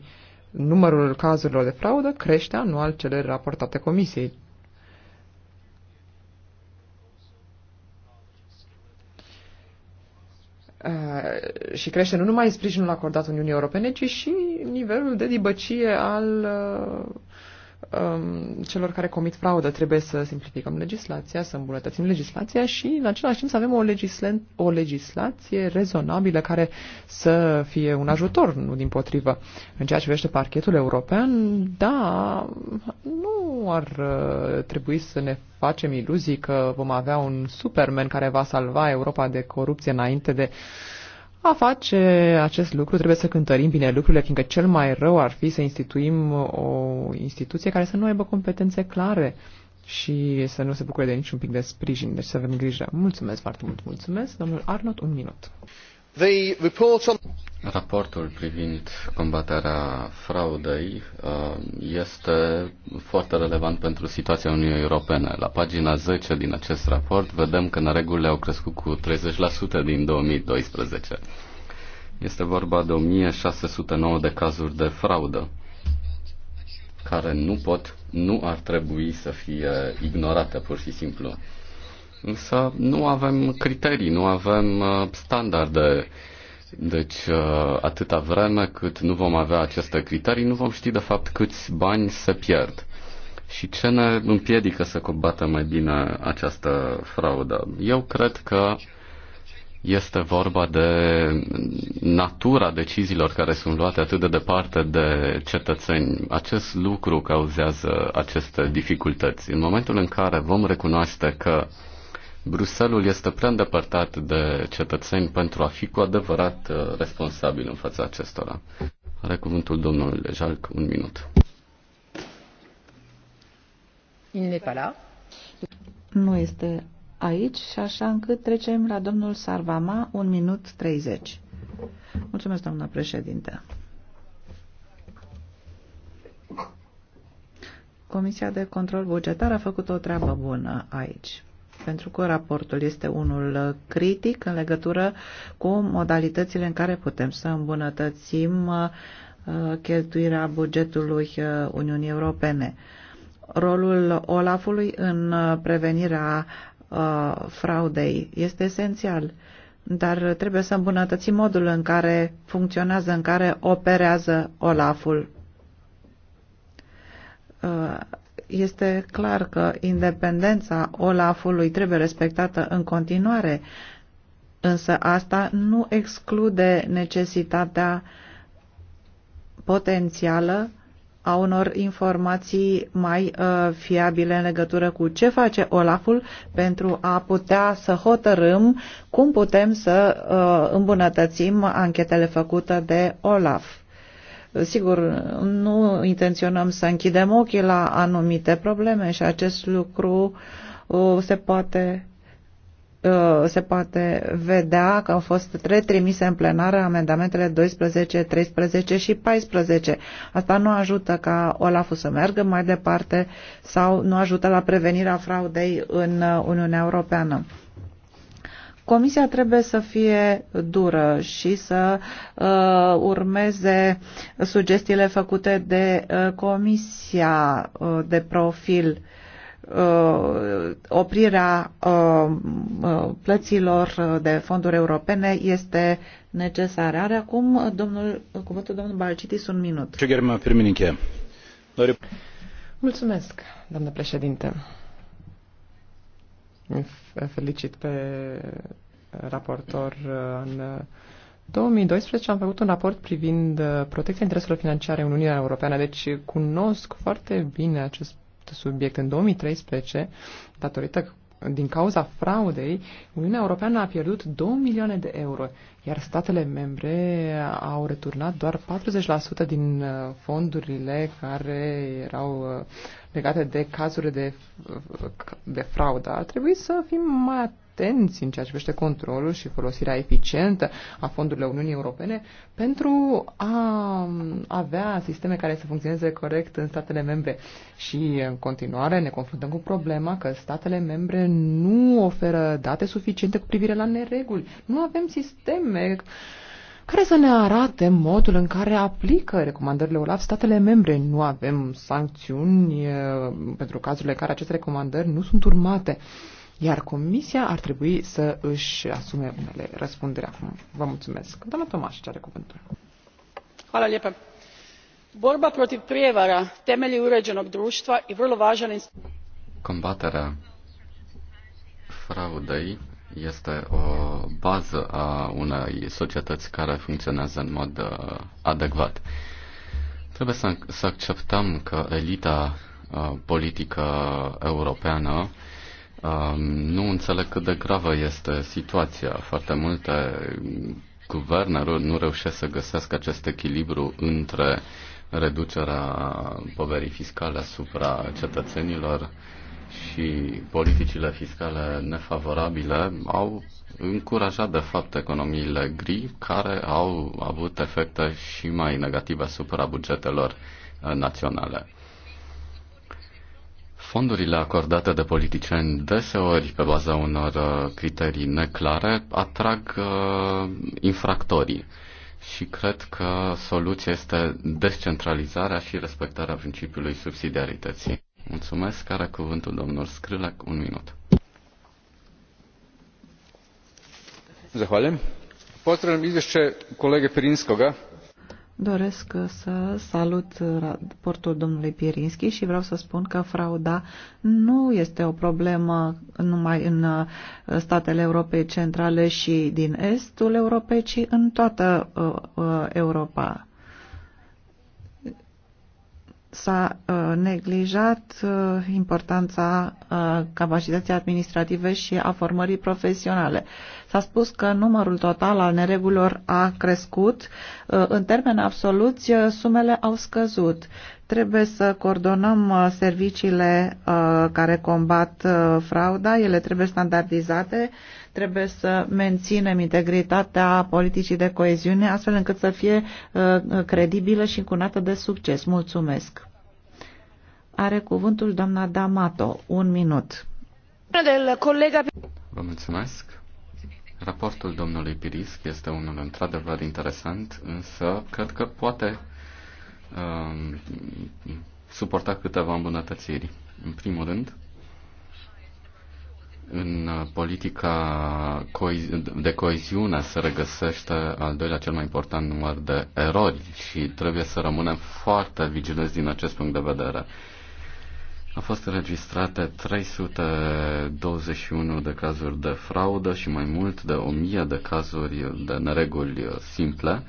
numărul cazurilor de fraudă crește anual cele raportate comisiei. Uh, și crește nu numai sprijinul acordat Uniunii Europene, ci și nivelul de dibăcie al uh, um, celor care comit fraudă. Trebuie să simplificăm legislația, să îmbunătățim legislația și în același timp să avem o, legisl- o legislație rezonabilă care să fie un ajutor, nu din potrivă. În ceea ce vește parchetul european, da, nu ar uh, trebui să ne facem iluzii că vom avea un Superman care va salva Europa de corupție înainte de uh, a face acest lucru, trebuie să cântărim bine lucrurile, fiindcă cel mai rău ar fi să instituim o instituție care să nu aibă competențe clare și să nu se bucure de niciun pic de sprijin. Deci să avem grijă. Mulțumesc foarte mult, mulțumesc. Domnul Arnot, un minut. Raportul privind combaterea fraudei uh, este foarte relevant pentru situația Uniunii Europene. La pagina 10 din acest raport vedem că neregulile au crescut cu 30% din 2012. Este vorba de 1609 de cazuri de fraudă care nu pot, nu ar trebui să fie ignorate pur și simplu. Însă nu avem criterii, nu avem uh, standarde. Deci, uh, atâta vreme cât nu vom avea aceste criterii, nu vom ști de fapt câți bani se pierd. Și ce ne împiedică să combatem mai bine această fraudă? Eu cred că este vorba de natura deciziilor care sunt luate atât de departe de cetățeni. Acest lucru cauzează aceste dificultăți. În momentul în care vom recunoaște că Bruselul este prea îndepărtat de cetățeni pentru a fi cu adevărat uh, responsabil în fața acestora. Are cuvântul domnul Lejalc, un minut. Nu este aici și așa încât trecem la domnul Sarvama, un minut 30. Mulțumesc, doamna președinte. Comisia de control bugetar a făcut o treabă bună aici pentru că raportul este unul uh, critic în legătură cu modalitățile în care putem să îmbunătățim uh, uh, cheltuirea bugetului Uniunii Europene. Rolul Olafului în prevenirea fraudei este esențial, dar trebuie să îmbunătățim modul în care funcționează, în care operează Olaful este clar că independența Olafului trebuie respectată în continuare, însă asta nu exclude necesitatea potențială a unor informații mai uh, fiabile în legătură cu ce face Olaful pentru a putea să hotărâm cum putem să uh, îmbunătățim anchetele făcute de Olaf. Sigur, nu intenționăm să închidem ochii la anumite probleme și acest lucru uh, se poate uh, se poate vedea că au fost retrimise în plenară amendamentele 12, 13 și 14. Asta nu ajută ca Olaful să meargă mai departe sau nu ajută la prevenirea fraudei în uh, Uniunea Europeană. Comisia trebuie să fie dură și să uh, urmeze sugestiile făcute de uh, Comisia uh, de Profil, uh, oprirea uh, uh plăților uh, de fonduri europene este necesară. Are acum uh, domnul, cuvântul domnul Balcitis un minut. Mulțumesc, doamnă președinte felicit pe raportor uh, în 2012 uh, am făcut un raport privind uh, protecția intereselor financiare în Uniunea Europeană, deci cunosc foarte bine acest subiect. În 2013, datorită din cauza fraudei, Uniunea Europeană a pierdut 2 milioane de euro, iar statele membre au returnat doar 40% din fondurile care erau legate de cazuri de, de fraudă, ar trebui să fim mai atenți în ceea ce privește controlul și folosirea eficientă a fondurilor Uniunii Europene pentru a avea sisteme care să funcționeze corect în statele membre. Și în continuare ne confruntăm cu problema că statele membre nu oferă date suficiente cu privire la nereguli. Nu avem sisteme uh, care să ne arate modul în care aplică recomandările OLAF statele membre. Nu avem sancțiuni pentru cazurile în care aceste recomandări nu sunt urmate, iar Comisia ar trebui să își asume unele răspundere acum. Vă mulțumesc. Doamna Tomaș, ce are cuvântul. Hvala lijepa. Borba protiv prijevara temelji uređenog društva i vrlo važan instrument. Combaterea fraudei este o bază a unei societăți care funcționează în mod uh, adecvat. Trebuie să, să acceptăm că elita uh, politică europeană um, nu înțeleg cât de gravă este situația. Foarte multe guverne nu reușesc să găsească acest echilibru între reducerea poverii fiscale asupra cetățenilor, și politicile fiscale nefavorabile au încurajat de fapt economiile gri care au avut efecte și mai negative asupra bugetelor uh, naționale. Fondurile acordate de politicieni deseori pe baza unor uh, criterii neclare atrag uh, infractorii și cred că soluția este descentralizarea și respectarea principiului subsidiarității. Mulțumesc. Care cuvântul domnul Scrilac? Un minut. Zahvaljujem. Pozdravim izvješće kolege Pirinskoga. Doresc să salut raportul domnului Pirinski și vreau să spun că frauda nu este o problemă numai în statele Europei Centrale și din Estul Europei, ci în toată uh, uh, Europa s-a uh, neglijat uh, importanța uh, capacității administrative și a formării profesionale. S-a spus că numărul total al neregulilor a crescut, în termen absoluți sumele au scăzut. Trebuie să coordonăm serviciile care combat frauda, ele trebuie standardizate, Trebuie să menținem integritatea politicii de coeziune astfel încât să fie uh, credibilă și încunată de succes. Mulțumesc. Are cuvântul doamna D'Amato. Un minut. Vă mulțumesc. Raportul domnului Pirisc este unul într-adevăr interesant, însă cred că poate um, suporta câteva îmbunătățiri. În primul rând, în politica de coeziune se regăsește al doilea cel mai important număr de erori și trebuie să rămânem foarte vigilenți din acest punct de vedere. Au fost înregistrate 321 de cazuri de fraudă și mai mult de 1000 de cazuri de nereguli simple,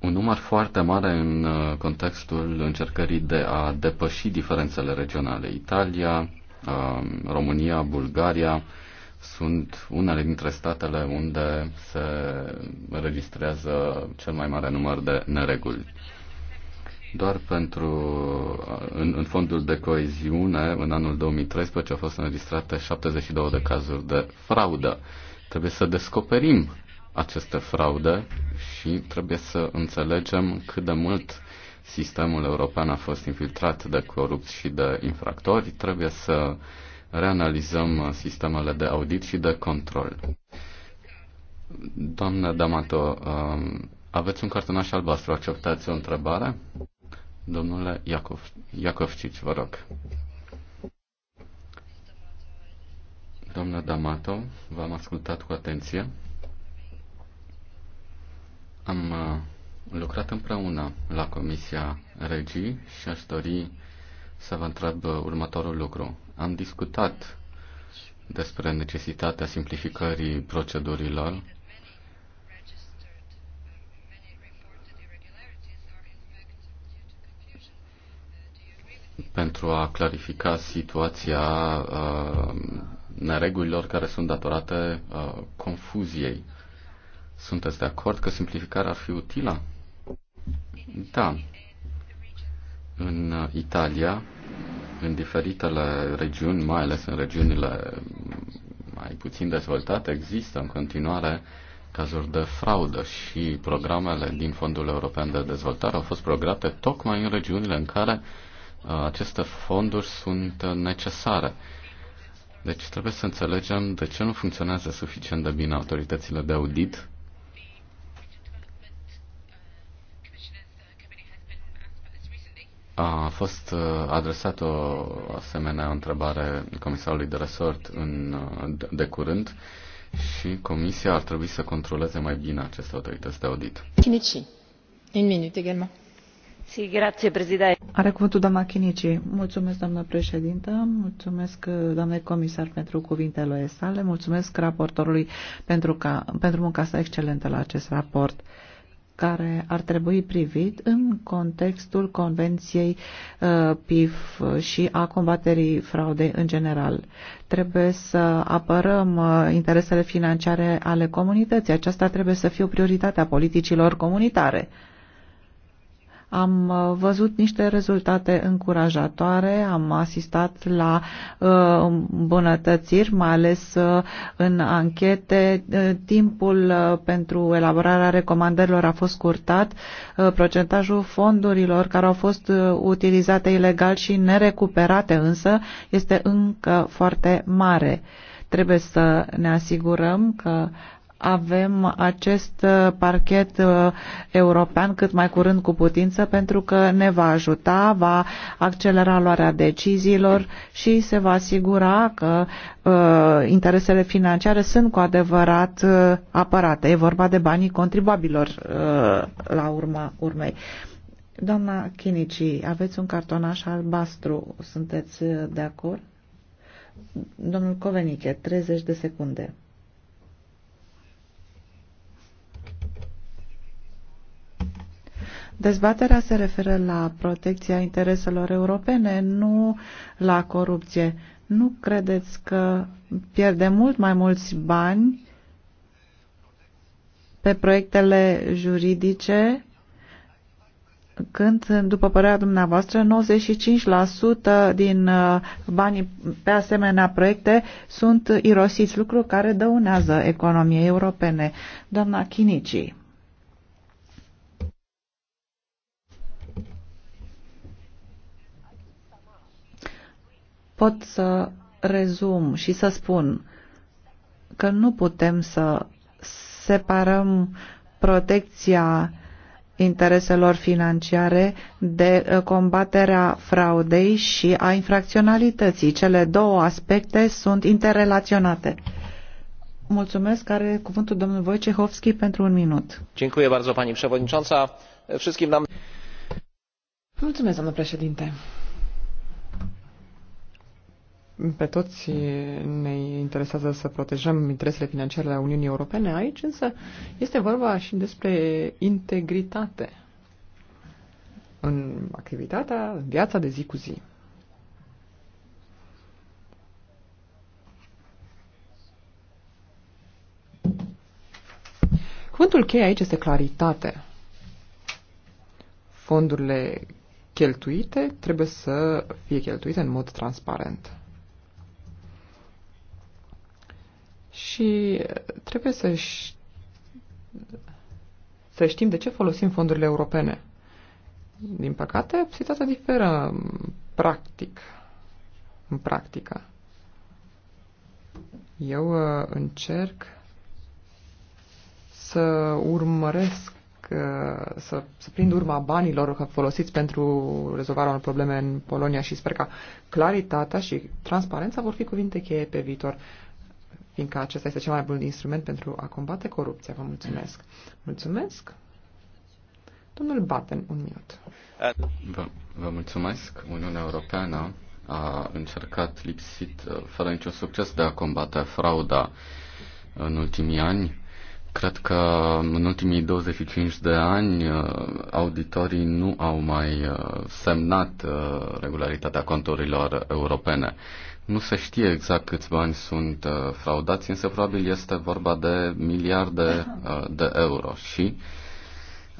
un număr foarte mare în uh, contextul încercării de a depăși diferențele regionale. Italia, Um, România, Bulgaria sunt unele dintre statele unde se registrează cel mai mare număr de nereguli. Doar pentru, în, în fondul de coeziune, în anul 2013 au fost înregistrate 72 de cazuri de fraudă. Trebuie să descoperim aceste fraude și trebuie să înțelegem cât de mult uh, sistemul european a fost infiltrat de corupți și de infractori, trebuie să reanalizăm sistemele de audit și de control. Doamna D'Amato, um, aveți un cartonaș albastru, acceptați o întrebare? Domnule Iacov, Iacovcici, vă rog. Domnule D'Amato, v-am ascultat cu atenție. Am uh, lucrat împreună la Comisia Regii și aș dori să vă întreb următorul lucru. Am discutat despre necesitatea simplificării procedurilor pentru a clarifica situația uh, neregulilor care sunt datorate uh, confuziei. Sunteți de acord că simplificarea ar fi utilă da. În Italia, în diferitele regiuni, mai ales în regiunile mai puțin dezvoltate, există în continuare cazuri de fraudă și programele din Fondul European de Dezvoltare au fost programate tocmai în regiunile în care uh, aceste fonduri sunt uh, necesare. Deci trebuie să înțelegem de ce nu funcționează suficient de bine autoritățile de audit A fost uh, adresată o asemenea întrebare comisarului de resort în, uh, de curând și comisia ar trebui să controleze mai bine aceste autorități de audit. Chinici. Un minut egalement. Si, grazie, președinte. Are cuvântul doamna Chinici. Mulțumesc, doamna președintă, mulțumesc, uh, doamne comisar, pentru cuvintele sale, mulțumesc raportorului pentru, ca, pentru munca sa excelentă la acest raport care ar trebui privit în contextul Convenției uh, PIF și a combaterii fraudei în general. Trebuie să apărăm uh, interesele financiare ale comunității. Aceasta trebuie să fie o prioritate a politicilor comunitare. Am uh, văzut niște rezultate încurajatoare, am asistat la uh, îmbunătățiri, mai ales uh, în anchete. Timpul pentru elaborarea recomandărilor a fost scurtat, procentajul fondurilor care au fost utilizate ilegal și nerecuperate însă este încă foarte mare trebuie să ne asigurăm că avem acest uh, parchet uh, european cât mai curând cu putință pentru că ne va ajuta, va accelera luarea deciziilor și se va asigura că uh, interesele financiare sunt cu adevărat uh, apărate. E vorba de banii contribuabilor uh, la urma urmei. Doamna Chinici, aveți un cartonaș albastru, sunteți uh, de acord? Domnul Covenic, 30 de secunde. Dezbaterea se referă la protecția intereselor europene, nu la corupție. Nu credeți că pierde mult mai mulți bani pe proiectele juridice când, după părerea dumneavoastră, 95% din uh, banii pe asemenea proiecte sunt irosiți, lucru care dăunează economiei europene. Doamna Chinicii. pot să rezum și să spun că nu putem să separăm protecția intereselor financiare de uh, combaterea fraudei și a infracționalității. Cele două aspecte sunt interrelaționate. Mulțumesc. Care cuvântul domnul Wojciechowski pentru un minut. Dziękuję bardzo, pani przewodnicząca. Wszystkim nam... Mulțumesc, doamnă președinte. Pe toți ne interesează să protejăm interesele financiare ale Uniunii Europene. Aici însă este vorba și despre integritate în activitatea, în viața de zi cu zi. Cuvântul cheie aici este claritate. Fondurile cheltuite trebuie să fie cheltuite în mod transparent. Și trebuie să, ș... să știm de ce folosim fondurile europene. Din păcate, situația diferă practic, în practică. Eu uh, încerc să urmăresc, uh, să, să prind urma banilor folosiți pentru rezolvarea unor probleme în Polonia și sper că claritatea și transparența vor fi cuvinte cheie pe viitor. Uh, fiindcă acesta este cel mai bun instrument pentru a combate corupția. Vă mulțumesc. Mulțumesc. Domnul Batten, un minut. Vă, vă mulțumesc. Uniunea Europeană a încercat lipsit, uh, fără niciun succes, de a combate frauda în ultimii ani. Cred că în ultimii 25 de ani uh, auditorii nu au mai uh, semnat regularitatea conturilor europene. Nu se știe exact câți bani sunt uh, fraudați, însă probabil este vorba de miliarde uh, de euro și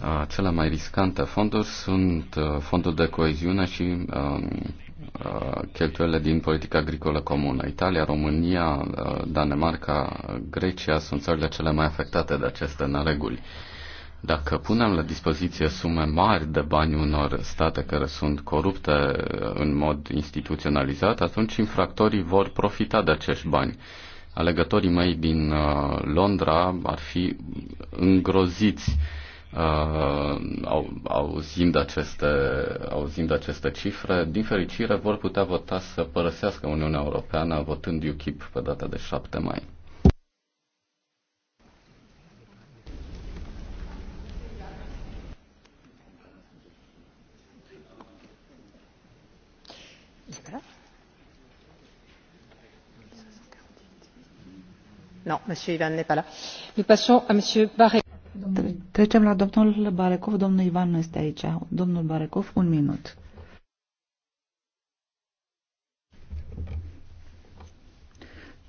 uh, cele mai riscante fonduri sunt uh, fondul de coeziune și uh, uh, cheltuielile din politica agricolă comună. Italia, România, uh, Danemarca, Grecia sunt țările cele mai afectate de aceste nereguli. Uh, dacă punem la dispoziție sume mari de bani unor state care sunt corupte uh, în mod instituționalizat, atunci infractorii vor profita de acești bani. Alegătorii mei din uh, Londra ar fi îngroziți uh, auzind, aceste, auzind aceste cifre. Din fericire vor putea vota să părăsească Uniunea Europeană votând UKIP pe data de 7 mai. Trecem la domnul Barecov. Domnul Ivan nu este aici. Domnul Barecov, un minut.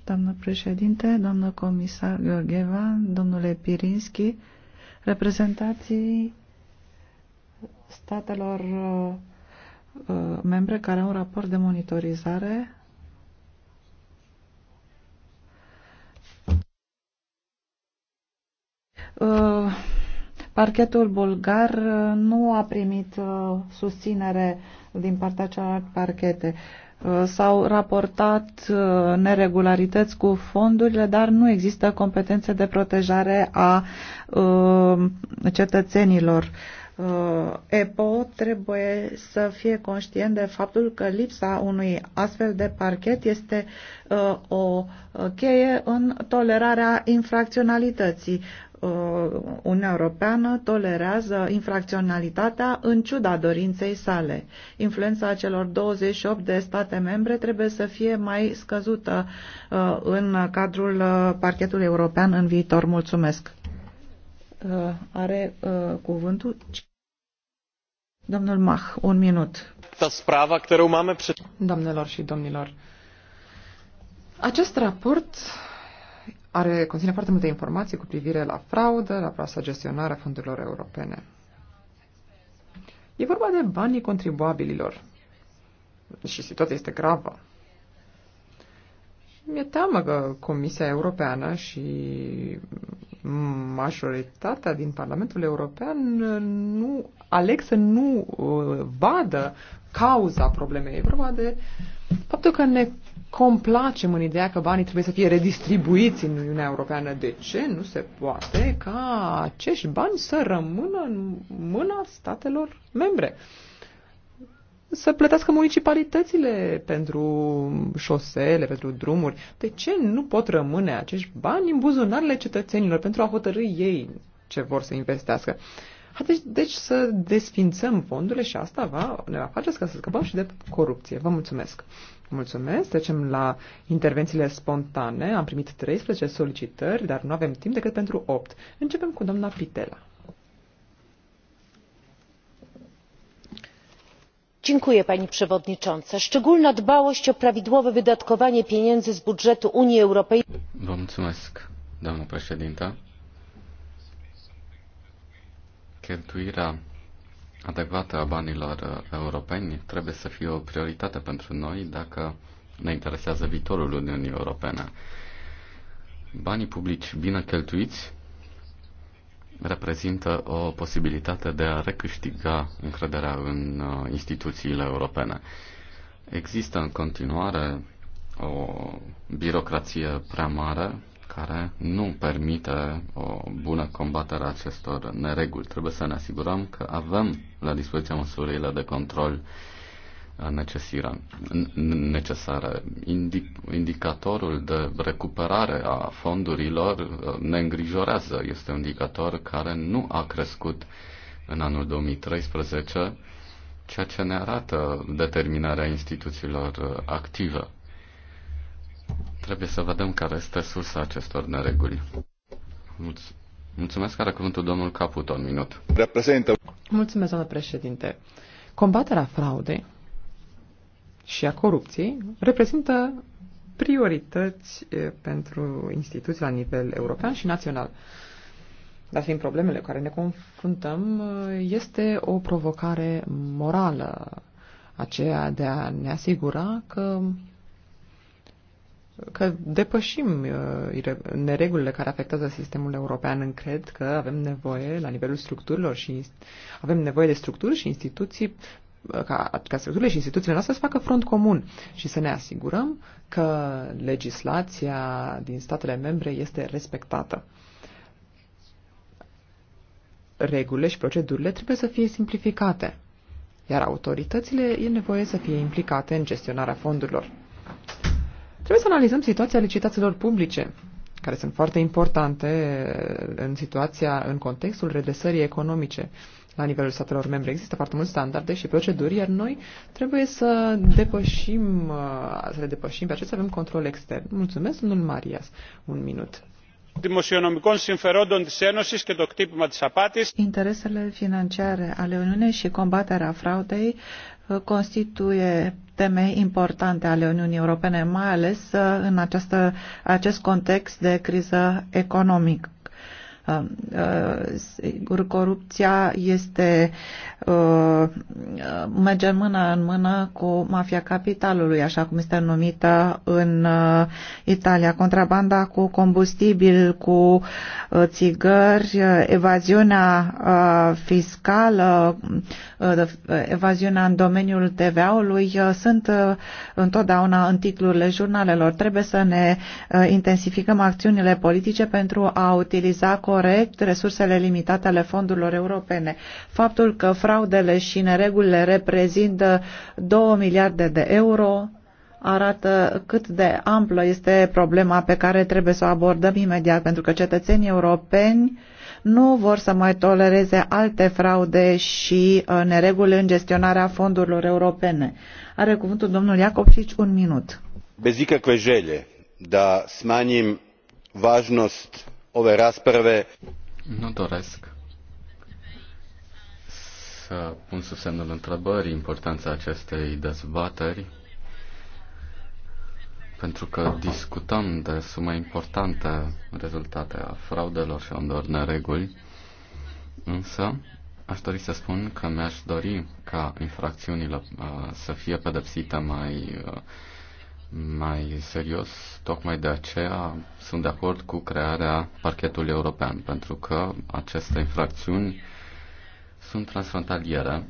Doamnă președinte, doamnă comisar Gheorgheva, domnule Pirinski, reprezentații statelor uh, uh, membre care au un raport de monitorizare Parchetul bulgar uh, nu a primit uh, susținere din partea celorlalte parchete. Uh, s-au raportat neregularități cu fondurile, dar nu există competențe de protejare a cetățenilor. EPO trebuie să fie conștient de faptul că lipsa unui astfel de parchet este o cheie în tolerarea infracționalității. Uh, Uniunea Europeană tolerează infracționalitatea în ciuda dorinței sale. Influența celor 28 de state membre trebuie să fie mai scăzută uh, în cadrul uh, parchetului european în viitor. Mulțumesc. Are cuvântul domnul Mach, un minut. Doamnelor și domnilor, acest raport are, conține foarte multe informații cu privire la fraudă, la proasta gestionare a fondurilor europene. E vorba de banii contribuabililor. Și situația este gravă. Mi-e teamă că Comisia Europeană și majoritatea din Parlamentul European nu aleg să nu uh, vadă cauza problemei. E vorba de faptul că ne complacem în ideea că banii trebuie să fie redistribuiți în Uniunea Europeană. De ce nu se poate ca acești bani să rămână în mâna statelor membre? Să plătească municipalitățile pentru șosele, pentru drumuri. De ce nu pot rămâne acești bani în buzunarele cetățenilor pentru a hotărâi ei ce vor să investească? Uh, deci, deci, să desfințăm fondurile și asta va, ne va face ca să scăpăm și de corupție. Vă mulțumesc! Mulțumesc! Trecem la intervențiile spontane. Am primit 13 solicitări, dar nu avem timp decât pentru 8. Începem cu doamna Pitela. Dziękuję pani przewodnicząca! szczególna dbałość o prawidłowe wydatkowanie pieniędzy z budżetu unii europejskiej Pani Przewodnicząca. Cheltuirea adecvată a banilor uh, europeni trebuie să fie o prioritate pentru noi dacă ne interesează viitorul Uniunii Europene. Banii publici bine cheltuiți reprezintă o posibilitate de a recâștiga încrederea în uh, instituțiile europene. Există în continuare o birocrație prea mare care nu permite o bună combatere a acestor nereguli. Trebuie să ne asigurăm că avem la dispoziție măsurile de control uh, necesare. Indic- indicatorul de recuperare a fondurilor uh, ne îngrijorează. Este un indicator care nu a crescut în anul 2013, ceea ce ne arată determinarea instituțiilor uh, active. Trebuie să vedem care este sursa acestor nereguli. Mulțumesc. Mulțumesc, are cuvântul domnul Caputo, un minut. Reprezintă. Mulțumesc, doamnă președinte. Combaterea fraudei și a corupției reprezintă priorități pentru instituții la nivel european și național. Dar fiind problemele cu care ne confruntăm, este o provocare morală aceea de a ne asigura că că depășim uh, neregulile care afectează sistemul european în cred că avem nevoie la nivelul structurilor și avem nevoie de structuri și instituții uh, ca, ca structurile și instituțiile noastre să facă front comun și să ne asigurăm că legislația din statele membre este respectată. Regulile și procedurile trebuie să fie simplificate, iar autoritățile e nevoie să fie implicate în gestionarea fondurilor. Trebuie să analizăm situația licitațiilor publice, care sunt foarte importante în situația, în contextul redresării economice la nivelul statelor membre. Există foarte multe standarde și proceduri, iar noi trebuie să depășim, să le depășim pe acestea, avem control extern. Mulțumesc, domnul Marias. Un minut. Interesele financiare ale Uniunii și combaterea fraudei constituie teme importante ale Uniunii Europene, mai ales uh, în această, acest context de criză economică. Um, uh, corupția este uh, uh, merge mână în mână cu mafia capitalului, așa cum este numită în Italia. Contrabanda cu combustibil, cu țigări, evaziunea fiscală, evaziunea în domeniul TVA-ului sunt întotdeauna în titlurile jurnalelor. Trebuie să ne intensificăm acțiunile politice pentru a utiliza corupția corect resursele limitate ale fondurilor europene. Faptul că fraudele și neregulile reprezintă 2 miliarde de euro arată cât de amplă este problema pe care trebuie să o abordăm imediat, pentru că cetățenii europeni nu vor să mai tolereze alte fraude și uh, nereguli în gestionarea fondurilor europene. Are cuvântul domnul Iacobșici un minut. Bez ikakve da smanim važnost ove rasprave. Nu doresc să pun sub semnul întrebării importanța acestei dezbateri, pentru că discutăm de suma importantă rezultate a fraudelor și a unor nereguli, însă aș dori să spun că mi-aș dori ca infracțiunile uh, să fie pedepsite mai uh, mai serios. Tocmai de aceea sunt de acord cu crearea parchetului european, pentru că aceste infracțiuni sunt transfrontaliere.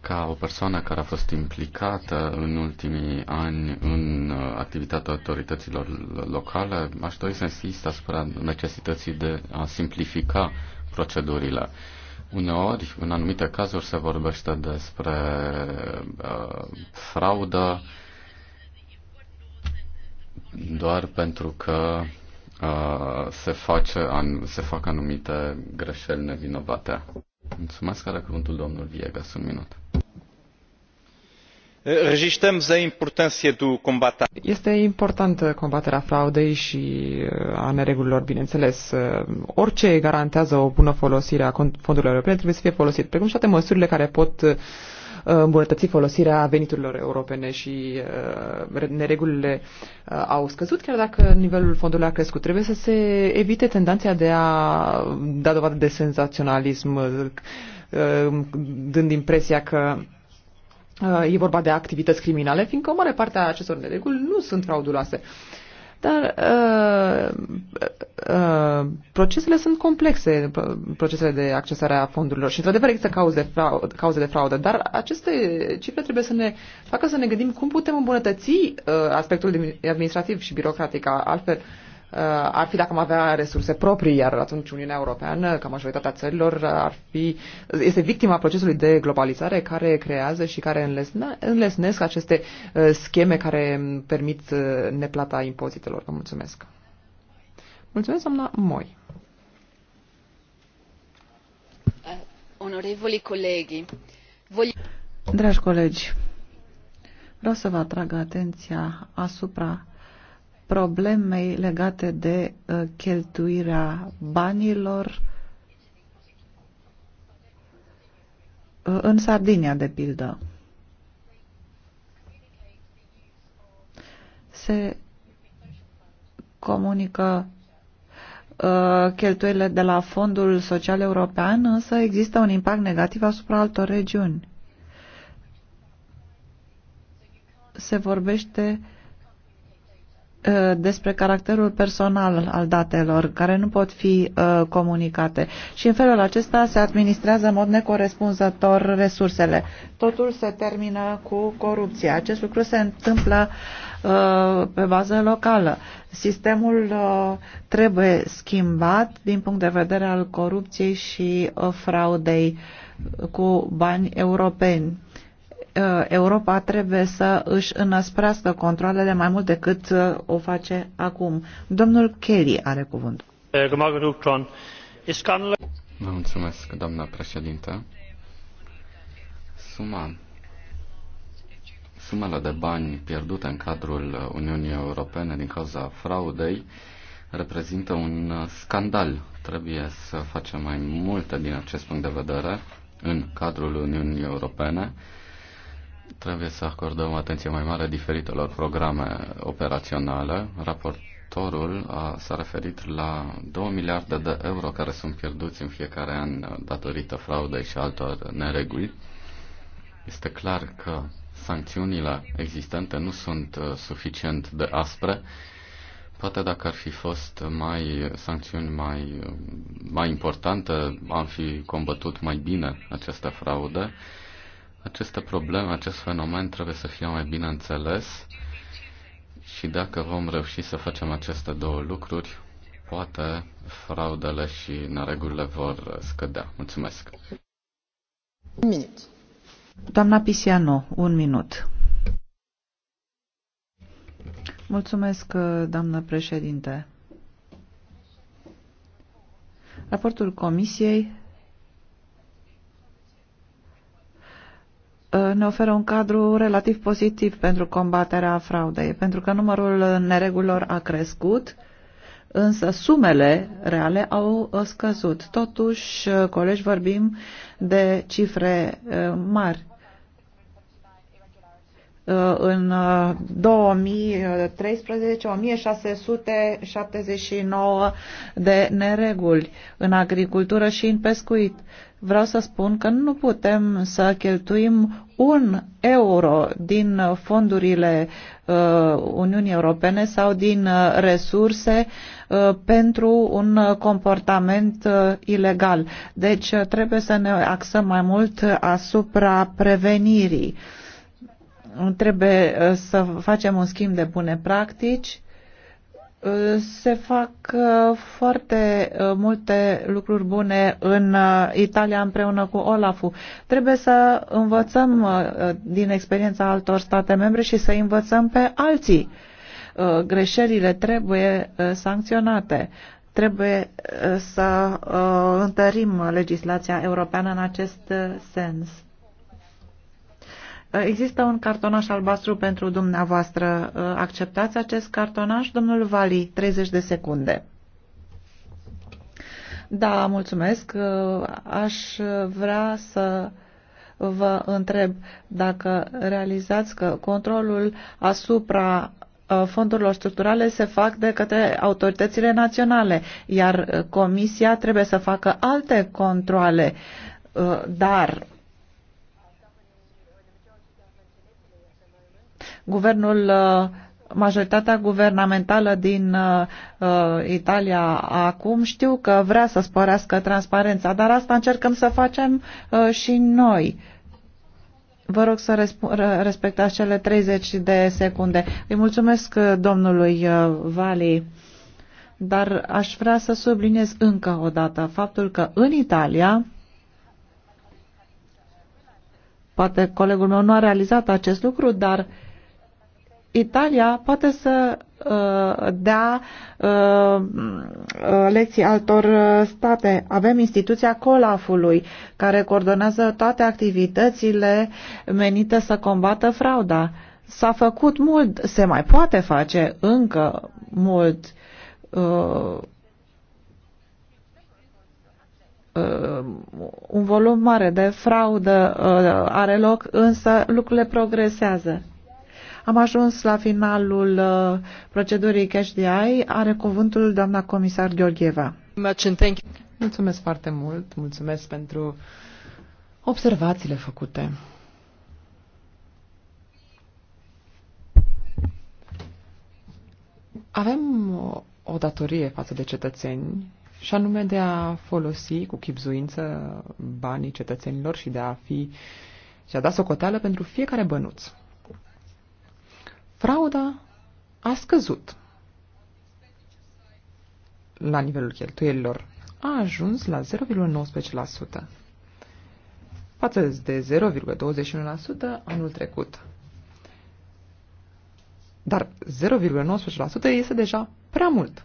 Ca o persoană care a fost implicată în ultimii ani în activitatea autorităților locale, aș dori să insist asupra necesității de a simplifica procedurile. Uneori, în anumite cazuri, se vorbește despre uh, fraudă, uh, doar pentru că uh, se, face an, se fac anumite greșeli nevinovate. Mulțumesc, are cuvântul domnul Viegas, un minut. Registrăm de importanție du Este importantă combaterea fraudei și a neregulilor, bineînțeles. Orice garantează o bună folosire a fondurilor europene trebuie să fie folosit, precum și toate măsurile care pot uh, Uh, îmbunătăți folosirea veniturilor europene și uh, neregulile uh, au scăzut, chiar dacă nivelul fondului a crescut. Trebuie să se evite tendanța de a da dovadă de senzaționalism, dând impresia că e vorba de activități criminale, fiindcă o mare parte a acestor nereguli nu sunt frauduloase. Dar uh, uh, procesele sunt complexe, procesele de accesare a fondurilor și, într-adevăr, există cauze de, cauze de fraudă, dar aceste cifre trebuie să ne facă să ne gândim cum putem îmbunătăți uh, aspectul administrativ și birocratic. Altfel, uh, Uh, ar fi dacă am avea resurse proprii, iar atunci Uniunea Europeană, ca majoritatea țărilor, uh, ar fi, este victima procesului de globalizare care creează și care înlesne, înlesnesc aceste uh, scheme care permit neplata impozitelor. Vă mulțumesc. Mulțumesc, doamna Moi. Onorevoli colegi, voi... Dragi colegi, vreau să vă atrag atenția asupra problemei legate de uh, cheltuirea banilor uh, în Sardinia, de pildă. Se comunică uh, cheltuielile de la Fondul Social European, însă există un impact negativ asupra altor regiuni. Se vorbește uh, Uh, despre caracterul personal al datelor care nu pot fi uh, comunicate și în felul acesta se administrează în mod necorespunzător resursele. Totul se termină cu corupția. Acest lucru se întâmplă uh, pe bază locală. Sistemul trebuie schimbat din punct de vedere al corupției și fraudei cu bani europeni Uh, Europa trebuie să își înăsprească controlele mai mult decât uh, o face acum. Domnul Kelly are cuvântul. Vă mulțumesc, doamna președintă. Suma sumele de bani pierdute în cadrul Uniunii Europene din cauza fraudei reprezintă un scandal. Trebuie să facem mai multe din acest punct de vedere în cadrul Uniunii Europene Trebuie să acordăm o atenție mai mare diferitelor programe operaționale. Raportorul a, s-a referit la 2 miliarde de euro care sunt pierduți în fiecare an datorită fraudei și altor nereguli. Este clar că sancțiunile existente nu sunt uh, suficient de aspre. Poate dacă ar fi fost mai sancțiuni mai, mai importante, am fi combătut mai bine aceste fraude aceste probleme, acest fenomen trebuie să fie mai bine înțeles și dacă vom reuși să facem aceste două lucruri, poate fraudele și neregulile vor scădea. Mulțumesc. Un minut. Doamna Pisiano, un minut. Mulțumesc, doamnă președinte. Raportul Comisiei ne oferă un cadru relativ pozitiv pentru combaterea fraudei, pentru că numărul neregulilor a crescut, însă sumele reale au scăzut. Totuși, colegi, vorbim de cifre eh, mari. Eh, în 2013, eh, 1679 de nereguli în agricultură și în pescuit vreau să spun că nu putem să cheltuim un euro din fondurile uh, Uniunii Europene sau din uh, resurse uh, pentru un comportament ilegal. Deci trebuie să ne axăm mai mult asupra prevenirii. Trebuie să facem un schimb de bune practici se fac uh, foarte uh, multe lucruri bune în uh, Italia împreună cu Olaf-ul. Trebuie să învățăm din experiența altor state membre și să învățăm pe alții. Greșelile trebuie sancționate. Trebuie să întărim legislația europeană în acest sens Există un cartonaș albastru pentru dumneavoastră. Uh, acceptați acest cartonaș? Domnul Vali, 30 de secunde. Da, mulțumesc. Uh, aș vrea să vă întreb dacă realizați că controlul asupra uh, fondurilor structurale se fac de către autoritățile naționale, iar Comisia trebuie să facă alte controle. Dar Guvernul uh, majoritatea guvernamentală din uh, uh, Italia acum știu că vrea să sporească transparența, dar asta încercăm să facem uh, și noi. Vă rog să respectați cele 30 de secunde. Îi mulțumesc uh, domnului uh, Vali, dar aș vrea să subliniez încă o dată faptul că în Italia poate colegul meu nu a realizat acest lucru, dar uh, Italia poate să uh, dea uh, uh, lecții altor state. Avem instituția Colafului, care coordonează toate activitățile menite să combată frauda. S-a făcut mult, se mai poate face încă mult. Uh, uh, un volum mare de fraudă uh, are loc, însă lucrurile progresează. Am ajuns la finalul uh, procedurii Cash DI. Are cuvântul doamna comisar Gheorgheva. Mulțumesc foarte mult, mulțumesc pentru observațiile făcute. Avem o datorie față de cetățeni și anume de a folosi cu chipzuință banii cetățenilor și de a fi și a da socoteală pentru fiecare bănuț frauda a scăzut la nivelul cheltuielilor. A ajuns la 0,19% față de 0,21% anul trecut. Dar 0,19% este deja prea mult.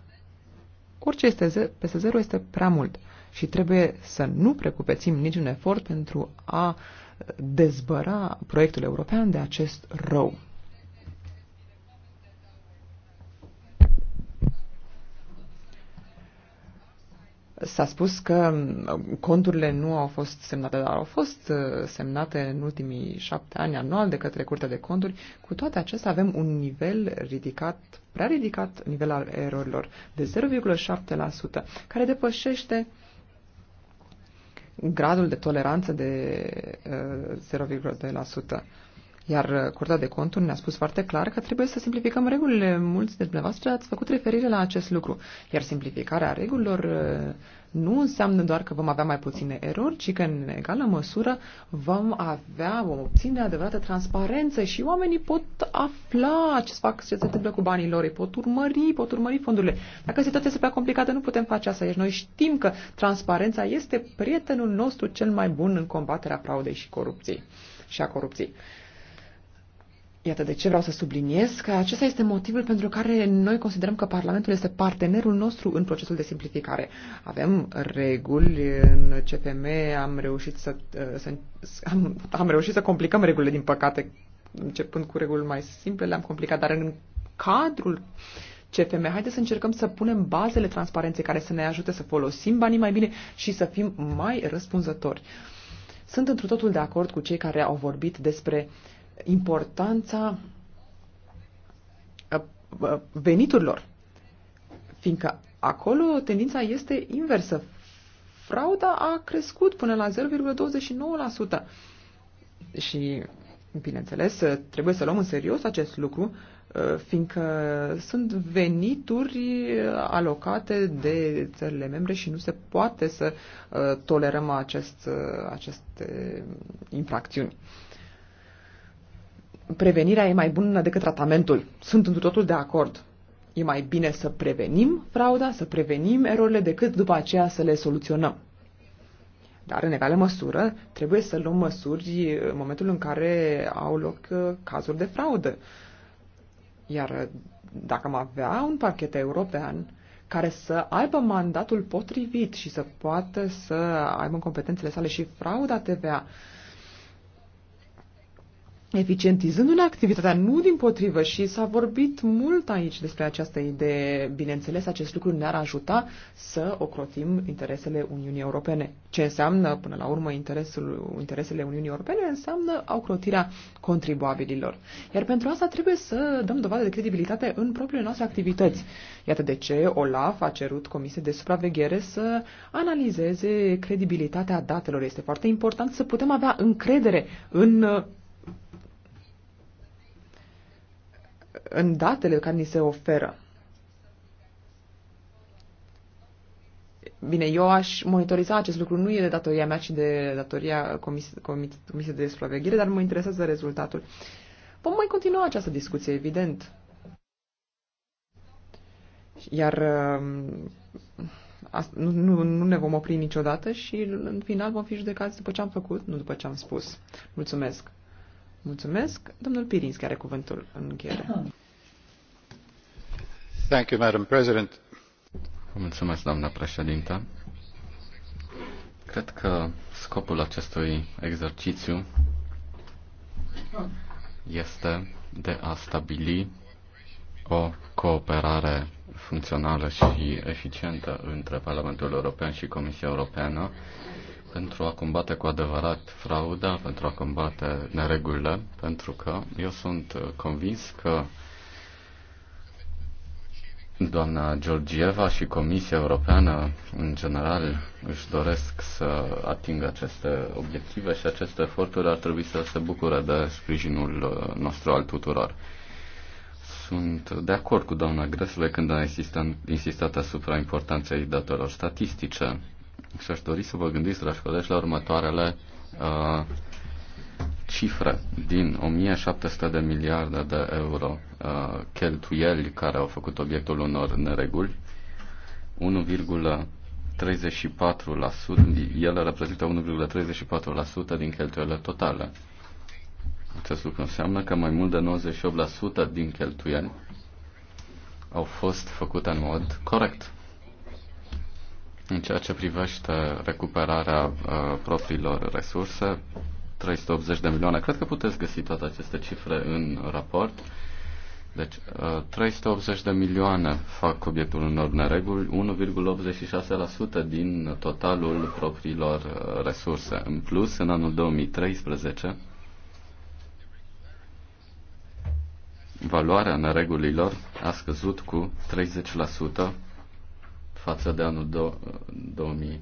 Orice este peste 0 este prea mult și trebuie să nu precupețim niciun efort pentru a dezbăra proiectul european de acest rău. S-a spus că um, conturile nu au fost semnate, dar au fost uh, semnate în ultimii șapte ani anual de către Curtea de Conturi. Cu toate acestea avem un nivel ridicat, prea ridicat, nivel al erorilor de 0,7%, care depășește gradul de toleranță de 0,2%. Uh, iar uh, Curtea de Conturi ne-a spus foarte clar că trebuie să simplificăm regulile. Mulți de dumneavoastră ați făcut referire la acest lucru. Iar simplificarea regulilor uh, nu înseamnă doar că vom avea mai puține erori, ci că în egală măsură vom avea, vom obține adevărată transparență și oamenii pot afla ce, se fac, ce se întâmplă cu banii lor, îi pot urmări, pot urmări fondurile. Dacă situația este prea complicată, nu putem face asta, iar deci noi știm că transparența este prietenul nostru cel mai bun în combaterea fraudei și corupției și a corupției. Iată de ce vreau să subliniez că acesta este motivul pentru care noi considerăm că Parlamentul este partenerul nostru în procesul de simplificare. Avem reguli în CPM, am reușit să, să am, am reușit să complicăm regulile, din păcate, începând cu reguli mai simple, le-am complicat, dar în cadrul CFM, haideți să încercăm să punem bazele transparenței care să ne ajute să folosim banii mai bine și să fim mai răspunzători. Sunt într totul de acord cu cei care au vorbit despre uh, importanța uh, uh, veniturilor, fiindcă acolo tendința este inversă. Frauda a crescut până la 0,29%. Și, bineînțeles, uh, trebuie să luăm în serios acest lucru, fiindcă sunt venituri alocate de țările membre și nu se poate să tolerăm acest, aceste infracțiuni prevenirea e mai bună decât tratamentul. Sunt într totul de acord. E mai bine să prevenim frauda, să prevenim erorile, decât după aceea să le soluționăm. Dar, în egală măsură, trebuie să luăm măsuri în momentul în care au loc uh, cazuri de fraudă. Iar uh, dacă am avea un parchet european care să aibă mandatul potrivit și să poată să aibă în competențele sale și frauda TVA, eficientizându-ne activitatea, nu din potrivă. Și s-a vorbit mult aici despre această idee. Bineînțeles, acest lucru ne-ar ajuta să ocrotim interesele Uniunii Europene. Ce înseamnă, până la urmă, interesul, interesele Uniunii Europene? Înseamnă ocrotirea contribuabililor. Iar pentru asta trebuie să dăm dovadă de credibilitate în propriile noastre activități. Iată de ce OLAF a cerut Comisiei de Supraveghere să analizeze credibilitatea datelor. Este foarte important să putem avea încredere în în datele care ni se oferă. Bine, eu aș monitoriza acest lucru, nu e de datoria mea, ci de datoria Comisiei comis comis de Supraveghere, dar mă interesează rezultatul. Vom mai continua această discuție, evident. Iar uh, nu, nu, nu ne vom opri niciodată și în final vom fi judecați după ce am făcut, nu după ce am spus. Mulțumesc! Mulțumesc! Domnul Pirinski are cuvântul în încheiere. Thank you, Madam President. Mulțumesc, doamna președintă. Cred că scopul acestui exercițiu este de a stabili o cooperare funcțională și eficientă între Parlamentul European și Comisia Europeană pentru a combate cu adevărat frauda, pentru a combate neregulile, pentru că eu sunt convins că Doamna Georgieva și Comisia Europeană, în general, își doresc să atingă aceste obiective și aceste eforturi ar trebui să se bucure de sprijinul uh, nostru al tuturor. Sunt de acord cu doamna Gresle când a insistat, insistat asupra importanței datelor statistice și aș dori să vă gândiți, dragi colegi, la următoarele uh, cifre din 1700 de miliarde de euro uh, cheltuieli care au făcut obiectul unor nereguli. 1,34%, el reprezintă 1,34% din cheltuielile totale. Acest lucru înseamnă că mai mult de 98% din cheltuieli au fost făcute în mod corect. În ceea ce privește recuperarea uh, propriilor resurse, 380 de milioane, cred că puteți găsi toate aceste cifre în raport. Deci, 380 uh, de milioane fac obiectul unor nereguli, 1,86% din totalul propriilor uh, resurse. În plus, în anul 2013, valoarea neregulilor a scăzut cu 30% față de anul do- 2000,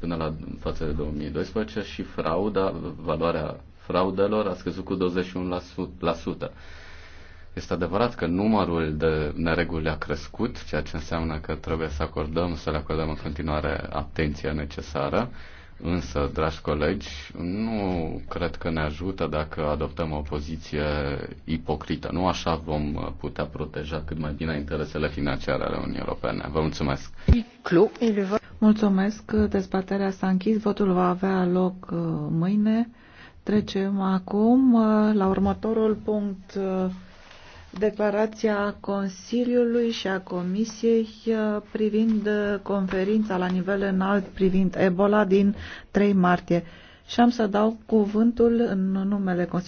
până la față de 2012 și frauda, valoarea fraudelor a scăzut cu 21%. Este adevărat că numărul de nereguli a crescut, ceea ce înseamnă că trebuie să acordăm, să le acordăm în continuare atenția necesară. Însă, dragi colegi, nu cred că ne ajută dacă adoptăm o poziție ipocrită. Nu așa vom putea proteja cât mai bine interesele financiare ale Uniunii Europene. Vă mulțumesc! Mulțumesc! Dezbaterea s-a închis. Votul va avea loc uh, mâine. Trecem acum uh, la următorul punct uh, declarația Consiliului și a Comisiei uh, privind uh, conferința la nivel înalt privind Ebola din 3 martie. Și am să dau cuvântul în numele Consiliului.